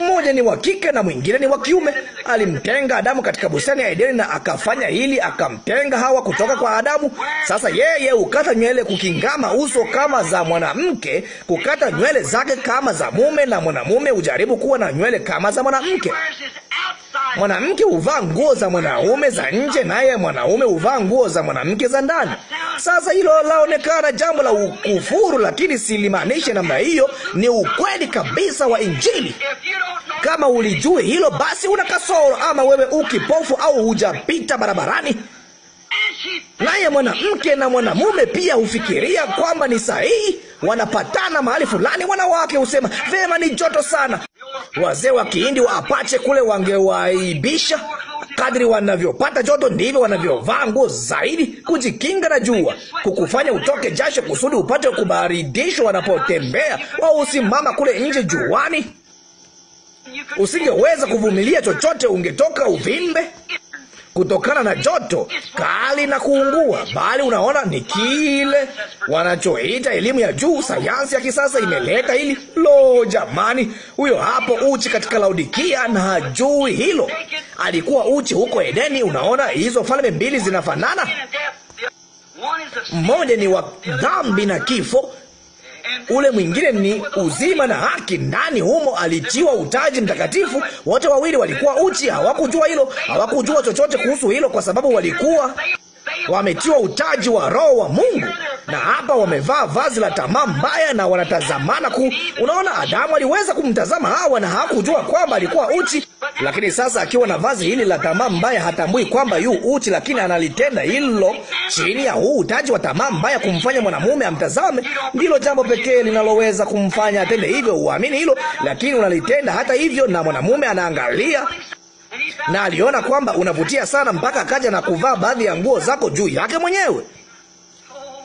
Mmoja ni wa kike na mwingine ni wa kiume kiume. Alimtenga Adamu katika bustani ya Edeni na akafanya hili, akamtenga Hawa kutoka kwa Adamu. Sasa yeye hukata nywele, kukingama uso kama za mwanamke, kukata nywele zake kama za mume, na mwanamume ujaribu kuwa na nywele kama za mwanamke. Mwanamke huvaa nguo za mwanaume za nje, naye mwanaume huvaa nguo za mwanamke za ndani. Sasa hilo laonekana jambo la ukufuru, lakini silimaanishe namna hiyo. Ni ukweli kabisa wa Injili. Kama ulijui hilo, basi una kasoro, ama wewe ukipofu au hujapita barabarani. Naye mwanamke na mwanamume pia hufikiria kwamba ni sahihi. Wanapatana mahali fulani, wanawake husema vema, ni joto sana. Wazee wa Kihindi wa Apache kule wangewaibisha. Kadri wanavyopata joto ndivyo wanavyovaa nguo zaidi kujikinga na jua, kukufanya utoke jasho kusudi upate kubaridishwa. Wanapotembea wao usimama kule nje juani, usingeweza kuvumilia chochote, ungetoka uvimbe kutokana na joto kali na kuungua, bali unaona, ni kile wanachoita elimu ya juu, sayansi ya kisasa imeleta hili. Lo, jamani, huyo hapo uchi katika Laodikia na hajui hilo, alikuwa uchi huko Edeni. Unaona, hizo falme mbili zinafanana, mmoja ni wa dhambi na kifo ule mwingine ni uzima na haki. Ndani humo alitiwa utaji mtakatifu. Wote wawili walikuwa uchi, hawakujua hilo, hawakujua chochote kuhusu hilo, kwa sababu walikuwa wametiwa utaji wa Roho wa Mungu na hapa wamevaa vazi la tamaa mbaya na wanatazamana ku. Unaona, Adamu aliweza kumtazama Hawa na hakujua kwamba alikuwa uchi, lakini sasa akiwa na vazi hili la tamaa mbaya hatambui kwamba yu uchi, lakini analitenda hilo chini ya huu utaji wa tamaa mbaya kumfanya mwanamume amtazame. Ndilo jambo pekee linaloweza kumfanya atende hivyo, uamini hilo, lakini unalitenda hata hivyo, na mwanamume anaangalia na aliona kwamba unavutia sana mpaka akaja na kuvaa baadhi ya nguo zako juu yake mwenyewe.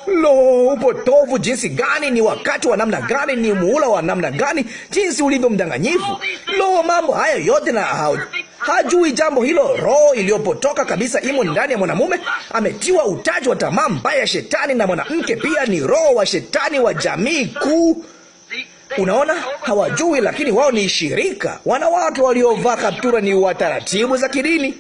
Lo, upotovu jinsi gani! Ni wakati wa namna gani! Ni muhula wa namna gani! Jinsi ulivyo mdanganyifu! Lo, mambo haya yote na ha hajui jambo hilo. Roho iliyopotoka kabisa imo ndani ya mwanamume, ametiwa utaji wa tamaa mbaya ya Shetani, na mwanamke pia ni roho wa Shetani wa jamii kuu. Unaona, hawajui, lakini wao ni shirika. Wanawake waliovaa kaptura ni wa taratibu za kidini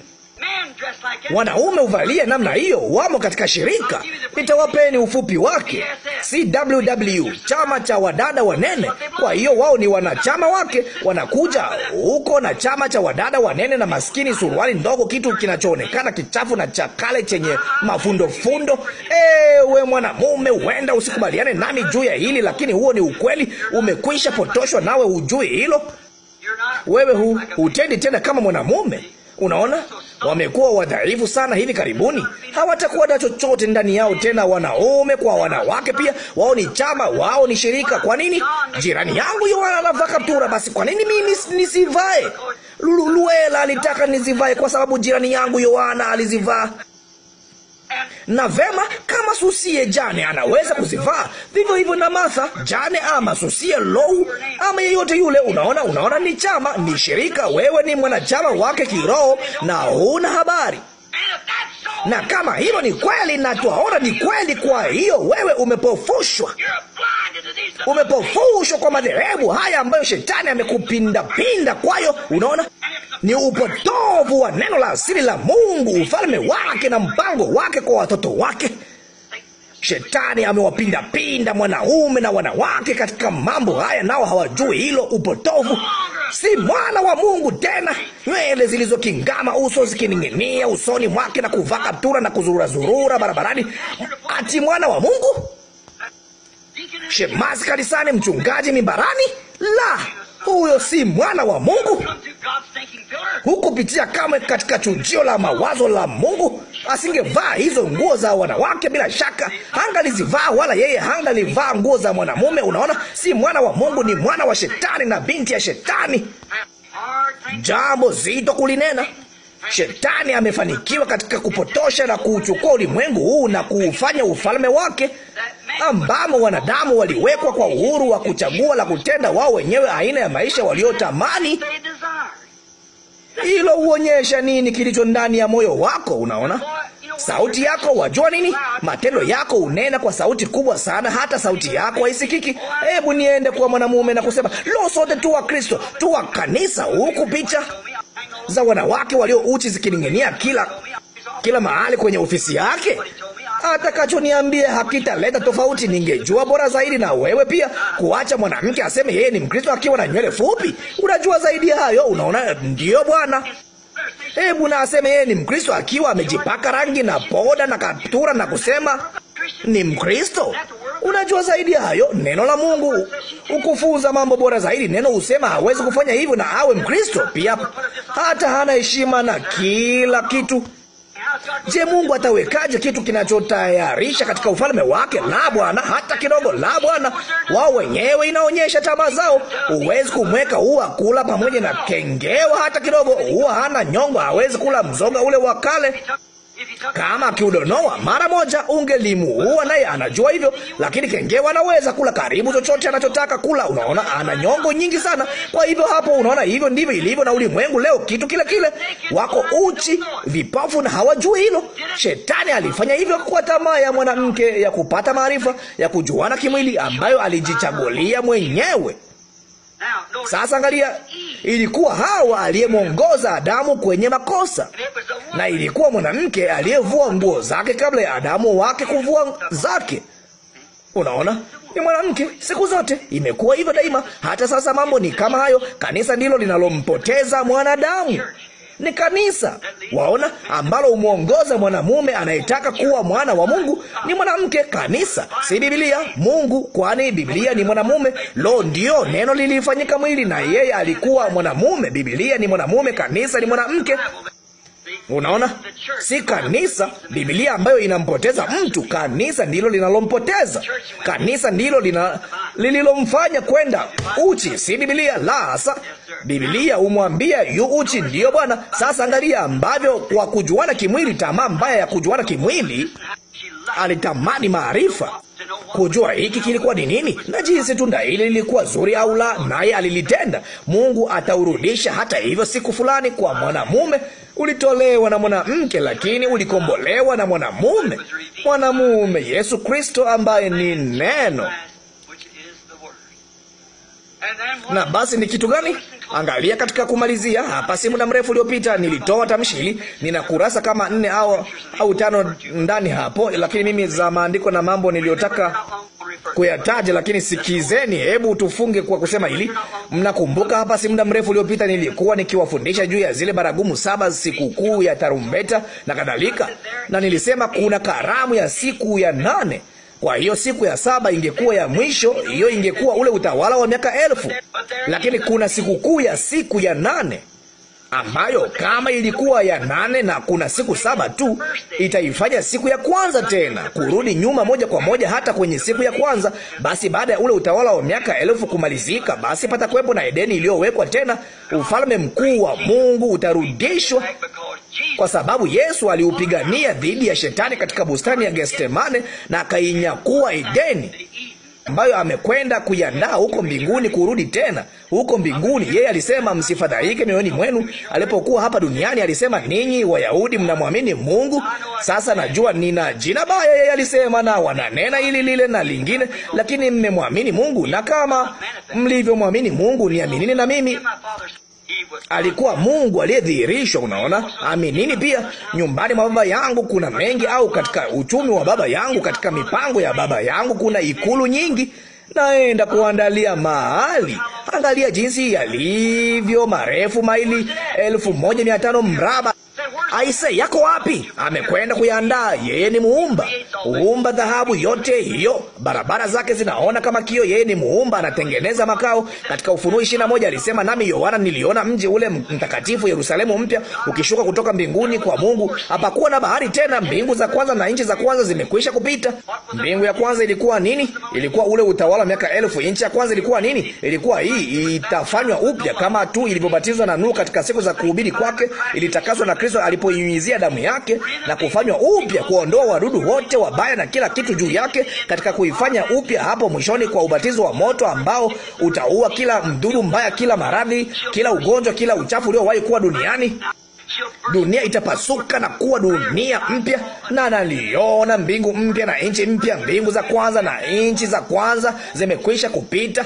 Wanaume huvalia namna hiyo, wamo katika shirika. Nitawapeni ufupi wake, CWW, chama cha wadada wanene. Kwa hiyo wao ni wanachama wake, wanakuja huko na chama cha wadada wanene, na maskini suruali ndogo, kitu kinachoonekana kichafu na cha kale chenye mafundofundo. Ewe eh, mwanamume, huenda usikubaliane nami juu ya hili, lakini huo ni ukweli. Umekwisha potoshwa, nawe hujui hilo. Wewe hutendi tena kama mwanamume. Unaona, wamekuwa wadhaifu sana hivi karibuni, hawatakuwa na chochote ndani yao tena. Wanaume kwa wanawake pia, wao ni chama, wao ni shirika. Kwa nini jirani yangu Yohana anavaa kaptura? Basi kwa nini mimi nisivae? Luluela alitaka nizivae kwa sababu jirani yangu Yohana alizivaa na vema, kama Susie Jane anaweza kuzivaa, vivyo hivyo na Martha Jane ama Susie Lou ama yeyote yule. Unaona, unaona, ni chama, ni shirika. Wewe ni mwanachama wake kiroho na huna habari. Na kama hilo ni kweli na twaona ni kweli, kwa hiyo wewe umepofushwa, umepofushwa kwa madhehebu haya ambayo shetani amekupindapinda kwayo. Unaona, ni upotovu wa neno la asili la Mungu, ufalme wake na mpango wake kwa watoto wake. Shetani amewapindapinda mwanaume na wanawake katika mambo haya, nao hawajui hilo upotovu si mwana wa Mungu tena. Nywele zilizokingama uso zikining'inia usoni mwake na kuvaa kaptura na kuzururazurura barabarani, ati mwana wa Mungu, shemasi kanisani, mchungaji mimbarani? La, huyo si mwana wa Mungu. Hukupitia kamwe katika chujio la mawazo la Mungu asingevaa hizo nguo za wanawake, bila shaka hangalizivaa, wala yeye hangalivaa nguo za mwanamume. Unaona, si mwana wa Mungu, ni mwana wa Shetani na binti ya Shetani. Jambo zito kulinena. Shetani amefanikiwa katika kupotosha na kuuchukua ulimwengu huu na kuufanya ufalme wake, ambamo wanadamu waliwekwa kwa uhuru wa kuchagua la kutenda wao wenyewe aina ya maisha waliotamani. Hilo huonyesha nini kilicho ndani ya moyo wako. Unaona, sauti yako, wajua nini? Matendo yako, unena kwa sauti kubwa sana, hata sauti yako haisikiki. Hebu niende kwa mwanamume na kusema, lo, sote tu wa Kristo, tu wa kanisa, huku picha za wanawake walio uchi zikining'inia kila kila mahali kwenye ofisi yake atakachoniambia hakitaleta tofauti. Ningejua bora zaidi na wewe pia, kuacha mwanamke aseme yeye ni Mkristo akiwa na nywele fupi. Unajua zaidi hayo, unaona? Ndiyo bwana. Hebu na aseme yeye ni Mkristo akiwa amejipaka rangi na poda na kaptura na kusema ni Mkristo. Unajua zaidi hayo. Neno la Mungu ukufunza mambo bora zaidi. Neno usema hawezi kufanya hivyo na awe Mkristo pia, hata hana heshima na kila kitu. Je, Mungu atawekaje kitu kinachotayarisha katika ufalme wake? La Bwana, hata kidogo. La Bwana, wao wenyewe inaonyesha tamaa zao. Huwezi kumweka huwa kula pamoja na kengewa hata kidogo. Huwa hana nyongo, hawezi kula mzoga ule wa kale. Kama akiudonoa mara moja, ungelimuua, naye anajua hivyo. Lakini kengewa anaweza kula karibu chochote anachotaka kula. Unaona, ana nyongo nyingi sana. Kwa hivyo hapo, unaona, hivyo ndivyo ilivyo na ulimwengu leo, kitu kile kile. Wako uchi, vipofu na hawajui hilo. Shetani alifanya hivyo kwa tamaa ya mwanamke ya kupata maarifa, ya kujuana kimwili, ambayo alijichagulia mwenyewe. Sasa angalia, e. ilikuwa Hawa aliyemwongoza Adamu kwenye makosa, na ilikuwa mwanamke aliyevua nguo zake kabla ya Adamu wake kuvua zake. Unaona, ni mwanamke. Siku zote imekuwa hivyo daima, hata sasa mambo ni kama hayo. Kanisa ndilo linalompoteza mwanadamu ni kanisa, waona, ambalo umwongoza mwanamume anayetaka kuwa mwana wa Mungu. Ni mwanamke kanisa, si Biblia, Mungu, kwani Biblia ni mwanamume. Lo, ndio neno lilifanyika mwili na yeye alikuwa mwanamume. Biblia ni mwanamume, kanisa ni mwanamke. Unaona, si kanisa. Bibilia ambayo inampoteza mtu, kanisa ndilo linalompoteza. Kanisa ndilo lina lililomfanya kwenda uchi, si bibilia. La hasa, bibilia umwambia yu uchi, ndiyo Bwana. Sasa angalia ambavyo kwa kujuana kimwili, tamaa mbaya ya kujuana kimwili, alitamani maarifa kujua hiki kilikuwa ni nini na jinsi tunda hili lilikuwa zuri au la, naye alilitenda. Mungu ataurudisha hata hivyo. Siku fulani kwa mwanamume ulitolewa na mwanamke, lakini ulikombolewa na mwanamume, mwanamume Yesu Kristo, ambaye ni neno. Na basi ni kitu gani? Angalia, katika kumalizia hapa, si muda mrefu uliopita nilitoa tamshi hili. Nina kurasa kama nne au, au tano ndani hapo, lakini mimi za maandiko na mambo niliyotaka kuyataja, lakini sikizeni, hebu tufunge kwa kusema hili. Mnakumbuka hapa, si muda mrefu uliopita nilikuwa nikiwafundisha juu ya zile baragumu saba, sikukuu ya tarumbeta na kadhalika, na nilisema kuna karamu ya siku ya nane kwa hiyo siku ya saba ingekuwa ya mwisho, hiyo ingekuwa ule utawala wa miaka elfu. Lakini kuna sikukuu ya siku ya nane ambayo kama ilikuwa ya nane na kuna siku saba tu, itaifanya siku ya kwanza tena, kurudi nyuma moja kwa moja hata kwenye siku ya kwanza. Basi baada ya ule utawala wa miaka elfu kumalizika, basi patakuwepo na Edeni iliyowekwa tena. Ufalme mkuu wa Mungu utarudishwa kwa sababu Yesu aliupigania dhidi ya shetani katika bustani ya Getsemane na akainyakuwa Edeni ambayo amekwenda kuiandaa huko mbinguni kurudi tena huko mbinguni. Yeye alisema msifadhaike mioyoni mwenu. Alipokuwa hapa duniani alisema, ninyi Wayahudi mnamwamini Mungu, sasa najua nina jina baya. Yeye alisema, na wananena ili lile na lingine, lakini mmemwamini Mungu, na kama mlivyomwamini Mungu niaminini na mimi alikuwa Mungu aliyedhihirishwa. Unaona, aminini pia. Nyumbani mwa baba yangu kuna mengi, au katika uchumi wa baba yangu, katika mipango ya baba yangu kuna ikulu nyingi naenda kuandalia mahali. Angalia jinsi yalivyo marefu, maili elfu moja mia tano mraba. Aise yako wapi? Amekwenda kuyaandaa. Yeye ni muumba, huumba dhahabu yote hiyo, barabara zake zinaona kama kio. Yeye ni muumba, anatengeneza makao. Katika Ufunuo ishirini na moja alisema, nami Yohana niliona mji ule mtakatifu Yerusalemu mpya ukishuka kutoka mbinguni kwa Mungu. Hapakuwa na bahari tena, mbingu za kwanza na nchi za kwanza zimekwisha kupita. Mbingu ya kwanza ilikuwa nini? Ilikuwa ule utawala miaka elfu. Nchi ya kwanza ilikuwa nini? Ilikuwa hii, itafanywa upya kama tu ilivyobatizwa na Nuhu katika siku za kuhubiri kwake, ilitakaswa na Kristo ali alipoinyunyizia damu yake na kufanywa upya, kuondoa wadudu wote wabaya na kila kitu juu yake, katika kuifanya upya hapo mwishoni kwa ubatizo wa moto ambao utaua kila mdudu mbaya, kila maradhi, kila ugonjwa, kila uchafu uliowahi kuwa duniani. Dunia itapasuka na kuwa dunia mpya, na naliona mbingu mpya na nchi mpya. Mbingu za kwanza na nchi za kwanza zimekwisha kupita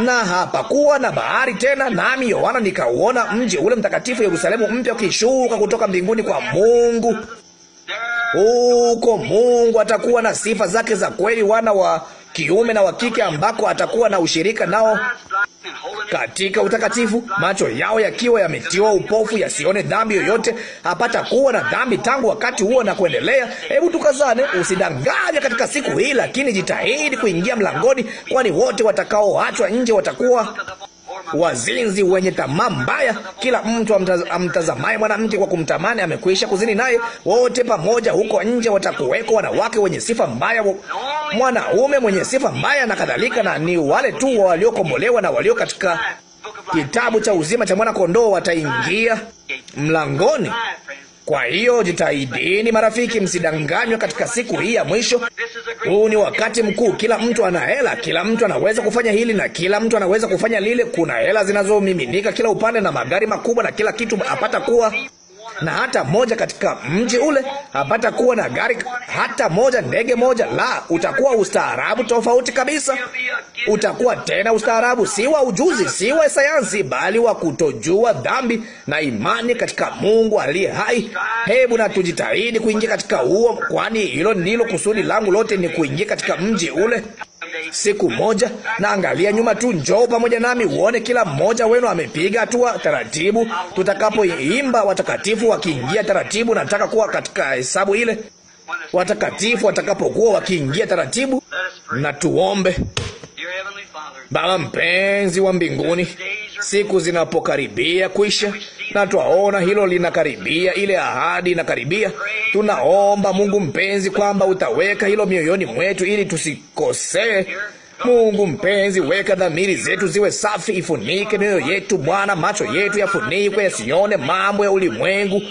na hapakuwa na bahari tena, nami Yohana nikauona mji ule mtakatifu Yerusalemu mpya ukishuka kutoka mbinguni kwa Mungu. Huko Mungu atakuwa na sifa zake za kweli, wana wa kiume na wa kike, ambako atakuwa na ushirika nao katika utakatifu, macho yao yakiwa yametiwa upofu yasione dhambi yoyote. Hapata kuwa na dhambi tangu wakati huo na kuendelea. Hebu tukazane, usidanganye katika siku hii, lakini jitahidi kuingia mlangoni, kwani wote watakaoachwa nje watakuwa wazinzi, wenye tamaa mbaya. Kila mtu amtazamaye mwanamke kwa kumtamani amekwisha kuzini naye. Wote pamoja huko nje watakuweko wanawake wenye sifa mbaya, mwanaume mwenye sifa mbaya na kadhalika, na ni wale tu waliokombolewa na walio katika kitabu cha uzima cha mwana kondoo wataingia mlangoni. Kwa hiyo jitahidini, marafiki, msidanganywe katika siku hii ya mwisho. Huu ni wakati mkuu. Kila mtu ana hela, kila mtu anaweza kufanya hili na kila mtu anaweza kufanya lile. Kuna hela zinazomiminika kila upande na magari makubwa na kila kitu apata kuwa na hata moja katika mji ule, hapata kuwa na gari hata moja, ndege moja. La, utakuwa ustaarabu tofauti kabisa. Utakuwa tena ustaarabu, si wa ujuzi, si wa sayansi, bali wa kutojua dhambi na imani katika Mungu aliye hai. Hebu na tujitahidi kuingia katika huo, kwani hilo ndilo kusudi langu lote, ni kuingia katika mji ule siku moja, na angalia nyuma tu, njoo pamoja nami uone kila mmoja wenu amepiga hatua taratibu. Tutakapoimba watakatifu wakiingia taratibu, nataka kuwa katika hesabu ile, watakatifu watakapokuwa wakiingia taratibu, na tuombe. Baba mpenzi wa mbinguni, siku zinapokaribia kuisha, na twaona hilo linakaribia, ile ahadi inakaribia, tunaomba Mungu mpenzi, kwamba utaweka hilo mioyoni mwetu, ili tusikosee Mungu mpenzi, weka dhamiri zetu ziwe safi, ifunike mioyo yetu Bwana, macho yetu yafunikwe yasione mambo ya ulimwengu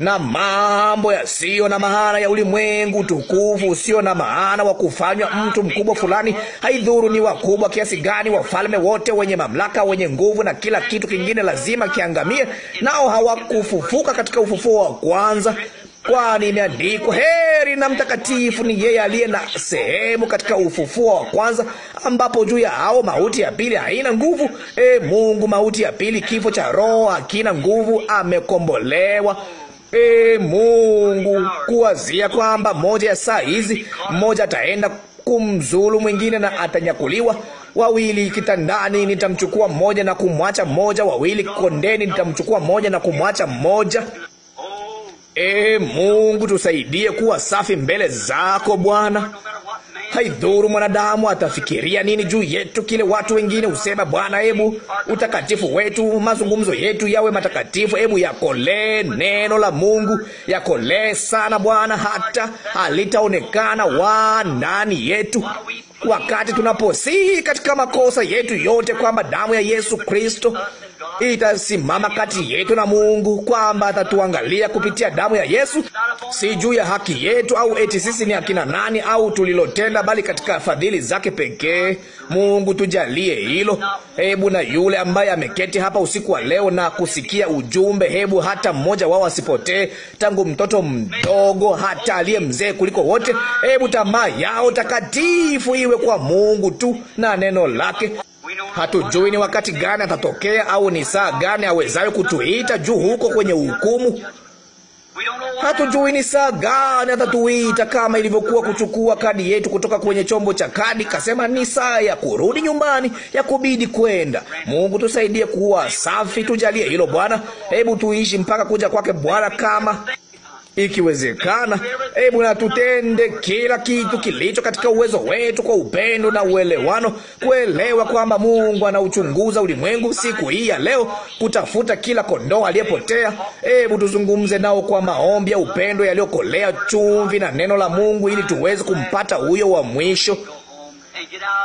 na mambo yasiyo na maana ya ulimwengu, utukufu usio na maana wa kufanywa mtu mkubwa fulani. Haidhuru ni wakubwa kiasi gani, wafalme wote wenye mamlaka, wenye nguvu na kila kitu kingine lazima kiangamie, nao hawakufufuka katika ufufuo wa kwanza kwani imeandikwa, heri na mtakatifu ni yeye aliye na sehemu katika ufufuo wa kwanza, ambapo juu ya hao mauti ya pili haina nguvu. E Mungu, mauti ya pili, kifo cha roho hakina nguvu, amekombolewa. E Mungu, kuwazia kwamba moja ya saa hizi mmoja ataenda kumzulu mwingine na atanyakuliwa wawili kitandani nitamchukua mmoja na kumwacha mmoja, wawili kondeni nitamchukua mmoja na kumwacha mmoja. E Mungu, tusaidie kuwa safi mbele zako Bwana. Haidhuru mwanadamu atafikiria nini juu yetu, kile watu wengine husema. Bwana, hebu utakatifu wetu, mazungumzo yetu yawe matakatifu. Hebu yakolee neno la Mungu, yakolee sana Bwana, hata halitaonekana wa ndani yetu, wakati tunaposihi katika makosa yetu yote, kwamba damu ya Yesu Kristo itasimama kati yetu na Mungu, kwamba atatuangalia kupitia damu ya Yesu, si juu ya haki yetu au eti sisi ni akina nani au tulilotenda, bali katika fadhili zake pekee. Mungu, tujalie hilo. Hebu na yule ambaye ameketi hapa usiku wa leo na kusikia ujumbe, hebu hata mmoja wao asipotee, tangu mtoto mdogo hata aliye mzee kuliko wote. Hebu tamaa yao takatifu iwe kwa Mungu tu na neno lake. Hatujui ni wakati gani atatokea au ni saa gani awezayo kutuita juu huko kwenye hukumu. Hatujui ni saa gani atatuita, kama ilivyokuwa kuchukua kadi yetu kutoka kwenye chombo cha kadi. Kasema ni saa ya kurudi nyumbani, ya kubidi kwenda. Mungu tusaidie kuwa safi, tujalie hilo Bwana. Hebu tuishi mpaka kuja kwake Bwana, kama Ikiwezekana, hebu na tutende kila kitu kilicho katika uwezo wetu kwa upendo na uelewano, kuelewa kwamba Mungu anauchunguza ulimwengu siku hii ya leo, kutafuta kila kondoo aliyepotea. Hebu tuzungumze nao kwa maombi ya upendo yaliyokolea chumvi na neno la Mungu, ili tuweze kumpata huyo wa mwisho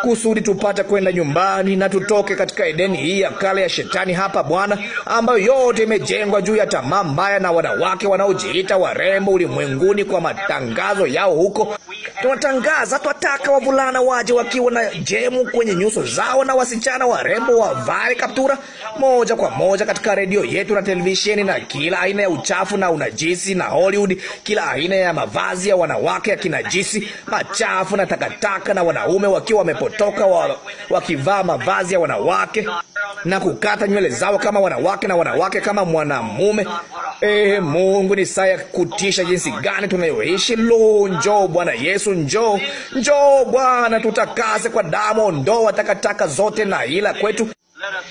kusudi tupate kwenda nyumbani na tutoke katika Edeni hii ya kale ya shetani hapa, Bwana, ambayo yote imejengwa juu ya tamaa mbaya na wanawake wanaojiita warembo ulimwenguni kwa matangazo yao huko. Tunatangaza, twataka wavulana waje wakiwa na jemu kwenye nyuso zao na wasichana warembo wavae kaptura, moja kwa moja katika redio yetu na televisheni na kila aina ya uchafu na unajisi na Hollywood, kila aina ya mavazi ya wanawake ya kinajisi machafu na takataka na wanaume wa wakiwa wamepotoka, wakivaa mavazi ya wanawake na kukata nywele zao kama wanawake na wanawake kama mwanamume. E, Mungu, ni saa ya kutisha jinsi gani tunayoishi! Lo, njoo Bwana Yesu, njoo, njoo Bwana, tutakase kwa damu, ondoa takataka zote na ila kwetu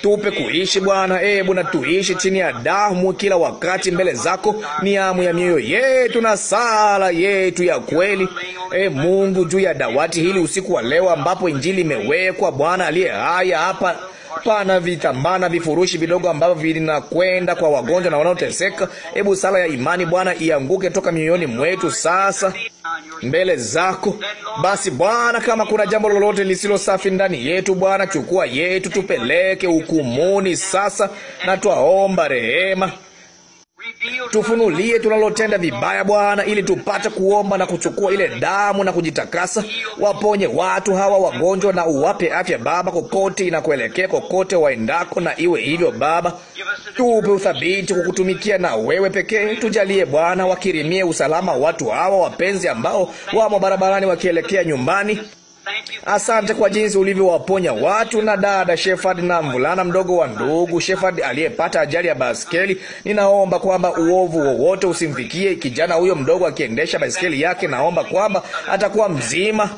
Tupe kuishi Bwana, ebu eh, na tuishi chini ya damu kila wakati mbele zako. Ni amu ya mioyo yetu na sala yetu ya kweli. E Mungu, juu ya dawati hili usiku wa leo, ambapo injili imewekwa, Bwana aliye haya hapa Pana vitambana, vifurushi vidogo ambavyo vinakwenda kwa wagonjwa na wanaoteseka. Hebu sala ya imani, Bwana, ianguke toka mioyoni mwetu sasa mbele zako. Basi Bwana, kama kuna jambo lolote lisilo safi ndani yetu, Bwana, chukua yetu, tupeleke hukumuni sasa, na twaomba rehema tufunulie tunalotenda vibaya, Bwana, ili tupate kuomba na kuchukua ile damu na kujitakasa. Waponye watu hawa wagonjwa, na uwape afya Baba, kokote inakuelekea, kokote waendako, na iwe hivyo Baba. Tupe uthabiti kukutumikia na wewe pekee. Tujalie Bwana, wakirimie usalama watu hawa wapenzi, ambao wamo barabarani wakielekea nyumbani Asante kwa jinsi ulivyowaponya watu na dada Shefard na mvulana mdogo wa ndugu Shefard aliyepata ajali ya baskeli. Ninaomba kwamba uovu wowote usimfikie kijana huyo mdogo akiendesha baskeli yake. Naomba kwamba atakuwa mzima.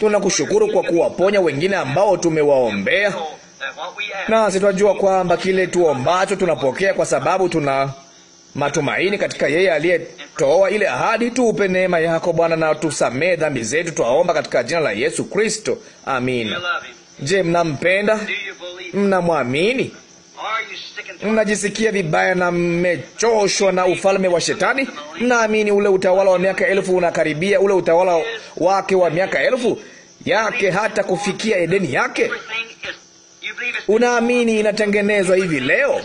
Tunakushukuru kwa kuwaponya wengine ambao tumewaombea, nasi tunajua kwamba kile tuombacho tunapokea, kwa sababu tuna matumaini katika yeye aliyetoa ile ahadi. Tupe neema yako Bwana, na tusamee dhambi zetu, twaomba katika jina la Yesu Kristo, amina. Je, mnampenda? Mnamwamini? Mnajisikia vibaya na mmechoshwa na ufalme wa Shetani? Mnaamini ule utawala wa miaka elfu unakaribia, ule utawala wake wa miaka elfu yake hata kufikia Edeni yake? Unaamini inatengenezwa hivi leo?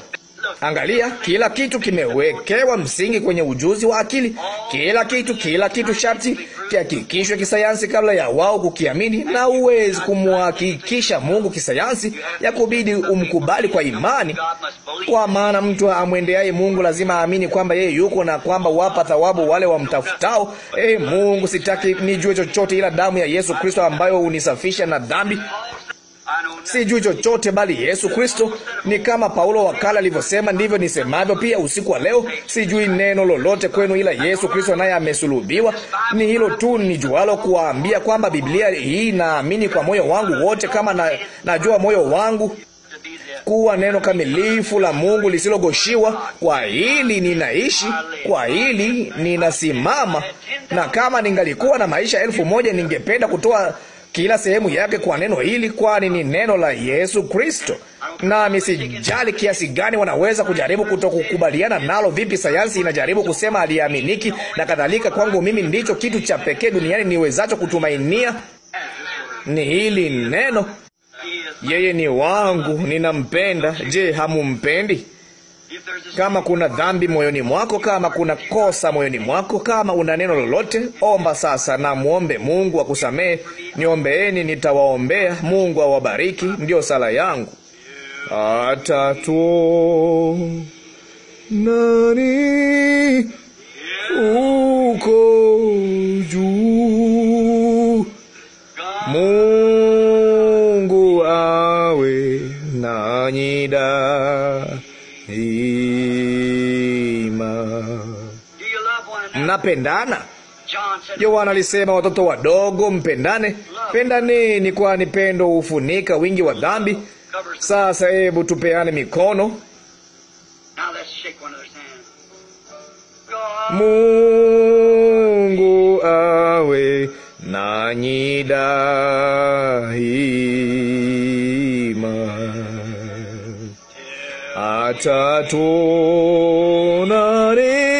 Angalia, kila kitu kimewekewa msingi kwenye ujuzi wa akili. Kila kitu, kila kitu sharti kihakikishwe kisayansi kabla ya wao kukiamini, na huwezi kumhakikisha Mungu kisayansi, ya kubidi umkubali kwa imani, kwa maana mtu amwendeaye Mungu lazima aamini kwamba yeye yuko na kwamba wapa thawabu wale wamtafutao. E Mungu, sitaki nijue chochote ila damu ya Yesu Kristo ambayo unisafisha na dhambi sijui chochote bali Yesu Kristo. Ni kama Paulo wakala alivyosema, ndivyo nisemavyo pia usiku wa leo. Sijui neno lolote kwenu ila Yesu Kristo, naye amesulubiwa. Ni hilo tu ni jualo kuwaambia kwamba Biblia hii naamini kwa moyo wangu wote, kama na, najua moyo wangu kuwa neno kamilifu la Mungu lisilogoshiwa. Kwa hili ninaishi, kwa hili ninasimama, na kama ningalikuwa na maisha elfu moja ningependa kutoa kila sehemu yake kwa neno hili, kwani ni neno la Yesu Kristo. Nami sijali kiasi gani wanaweza kujaribu kutokukubaliana nalo, vipi sayansi inajaribu kusema aliaminiki na kadhalika. Kwangu mimi ndicho kitu cha pekee duniani niwezacho kutumainia ni hili neno. Yeye ni wangu, ninampenda. Je, hamumpendi? Kama kuna dhambi moyoni mwako, kama kuna kosa moyoni mwako, kama una neno lolote, omba sasa na muombe Mungu akusamehe. Niombeeni, nitawaombea. Mungu awabariki. Ndiyo sala yangu. atatu nani uko juu, Mungu awe nanyi mnapendana. Yohana alisema watoto wadogo mpendane, pendaneni, kwani pendo hufunika wingi wa dhambi. Sasa hebu tupeane mikono. Mungu awe nanyi daima, atatunarii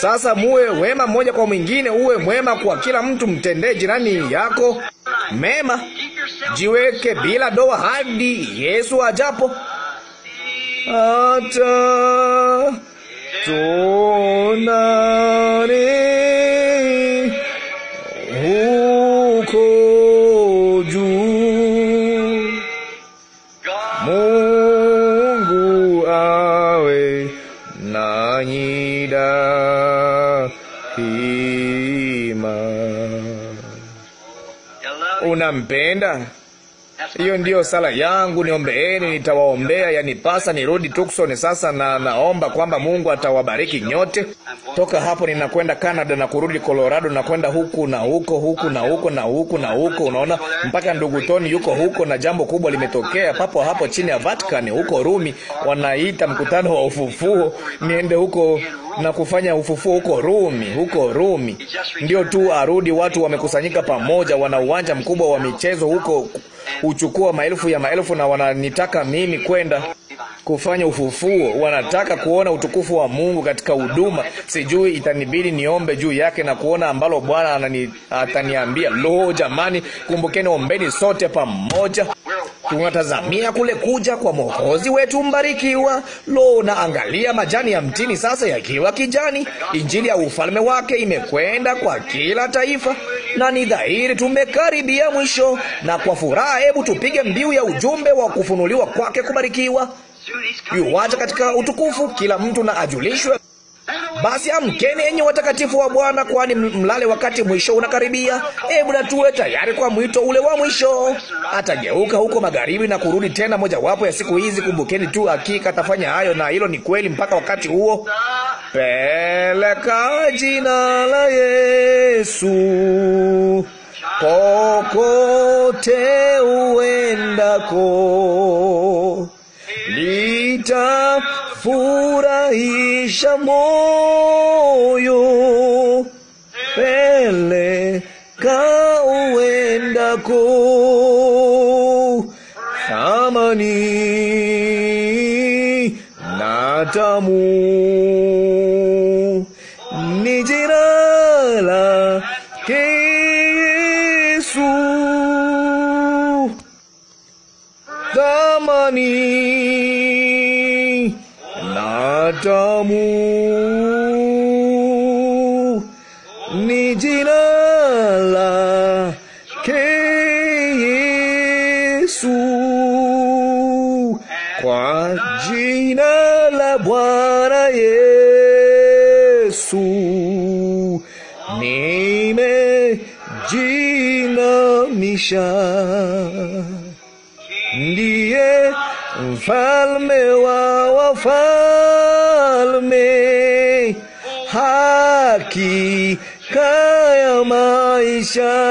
Sasa muwe wema mmoja kwa mwingine, uwe mwema kwa kila mtu, mtendee jirani yako mema, jiweke bila doa hadi Yesu ajapo. Hata tunani la Hiyo ndiyo sala yangu, niombeeni, nitawaombea. Yanipasa nirudi Tucson sasa, na naomba kwamba Mungu atawabariki nyote. Toka hapo ninakwenda Canada na kurudi Colorado, kwenda huku na huko, huku na huko, na huku na huko, unaona, mpaka ndugu Tony yuko huko, na jambo kubwa limetokea papo hapo chini ya Vatican huko Rumi, wanaita mkutano wa ufufuo. Niende huko na kufanya ufufuo huko Rumi, huko Rumi ndio tu arudi. Watu wamekusanyika pamoja, wana uwanja mkubwa wa michezo huko huchukua maelfu ya maelfu, na wananitaka mimi kwenda kufanya ufufuo. Wanataka kuona utukufu wa Mungu katika huduma. Sijui, itanibidi niombe juu yake na kuona ambalo Bwana ataniambia. Lo, jamani, kumbukeni, ombeni sote pamoja tunatazamia kule kuja kwa mwokozi wetu mbarikiwa. Lo, na angalia majani ya mtini sasa yakiwa kijani. Injili ya ufalme wake imekwenda kwa kila taifa, na ni dhahiri tumekaribia mwisho. Na kwa furaha, hebu tupige mbiu ya ujumbe wa kufunuliwa kwake, kubarikiwa yuwaja katika utukufu. Kila mtu na ajulishwe basi amkeni enyi watakatifu wa Bwana, kwani mlale wakati mwisho unakaribia. Hebu na tuwe tayari kwa mwito ule wa mwisho. Atageuka huko magharibi na kurudi tena mojawapo ya siku hizi. Kumbukeni tu, hakika atafanya hayo, na hilo ni kweli mpaka wakati huo. Peleka jina la Yesu kokote uendako lita furahisha moyo peleka uendako amani na tamu tamu ni jina lake Yesu, kwa jina la Bwana Yesu nime nimejinamisha, ndiye mfalme wa wafalme, hakika ya maisha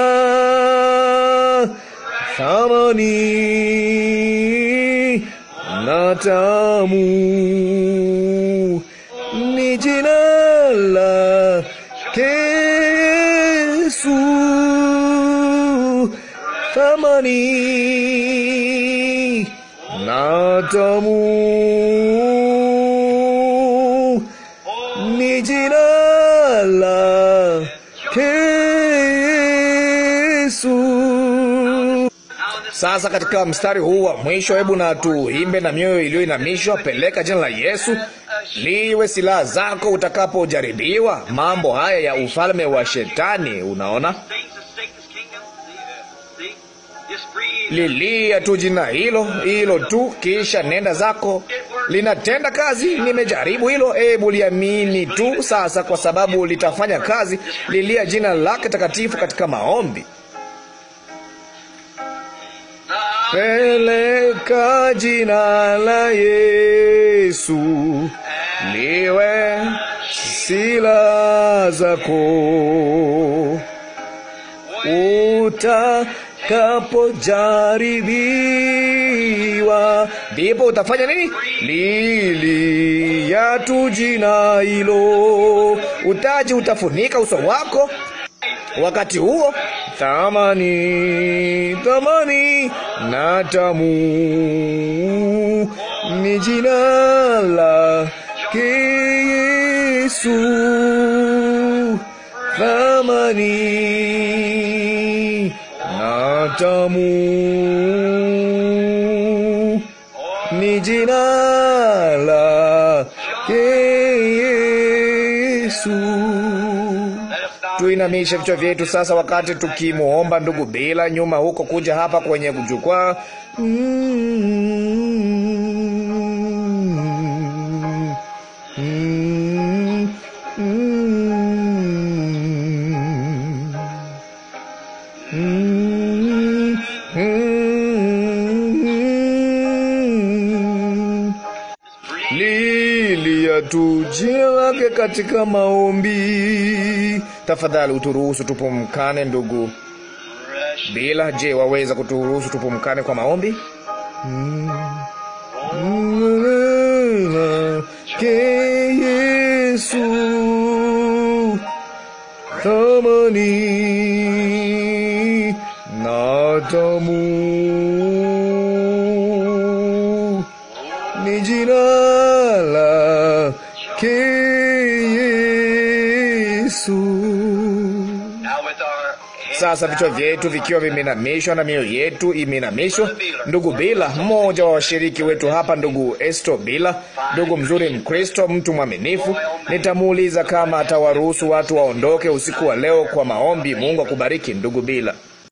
thamani na tamu ni jina lake Yesu, thamani Adamu ni jina la Yesu. Sasa katika mstari huu wa mwisho, hebu na tuimbe na mioyo iliyoinamishwa, peleka jina la Yesu liwe silaha zako utakapojaribiwa. Mambo haya ya ufalme wa Shetani, unaona lilia tu jina hilo hilo tu, kisha nenda zako. Linatenda kazi, nimejaribu hilo. Hebu liamini tu sasa, kwa sababu litafanya kazi. Lilia jina lake takatifu katika maombi. Peleka jina la Yesu liwe sila zako uta utakapojaribiwa, ndipo utafanya nini? Lili ya tujina hilo utaji utafunika uso wako wakati huo thamani thamani na tamu ni jina la Yesu thamani tamu ni jina la Yesu. Tuinamishe vichwa vyetu sasa, wakati tukimuomba ndugu bila nyuma huko kuja hapa kwenye jukwaa. Mm -hmm. Mm -hmm. Tujia lake katika maombi. Tafadhali uturuhusu tupumkane, ndugu bila. Je, waweza kuturuhusu tupumkane kwa maombi? Ke Yesu thamani na damu ni jina sasa, vichwa vyetu vikiwa vimeinamishwa na mioyo yetu imeinamishwa. Ndugu Bila, mmoja wa washiriki wetu hapa, ndugu Esto Bila, ndugu mzuri Mkristo, mtu mwaminifu, nitamuuliza kama atawaruhusu watu waondoke usiku wa leo kwa maombi. Mungu akubariki ndugu Bila.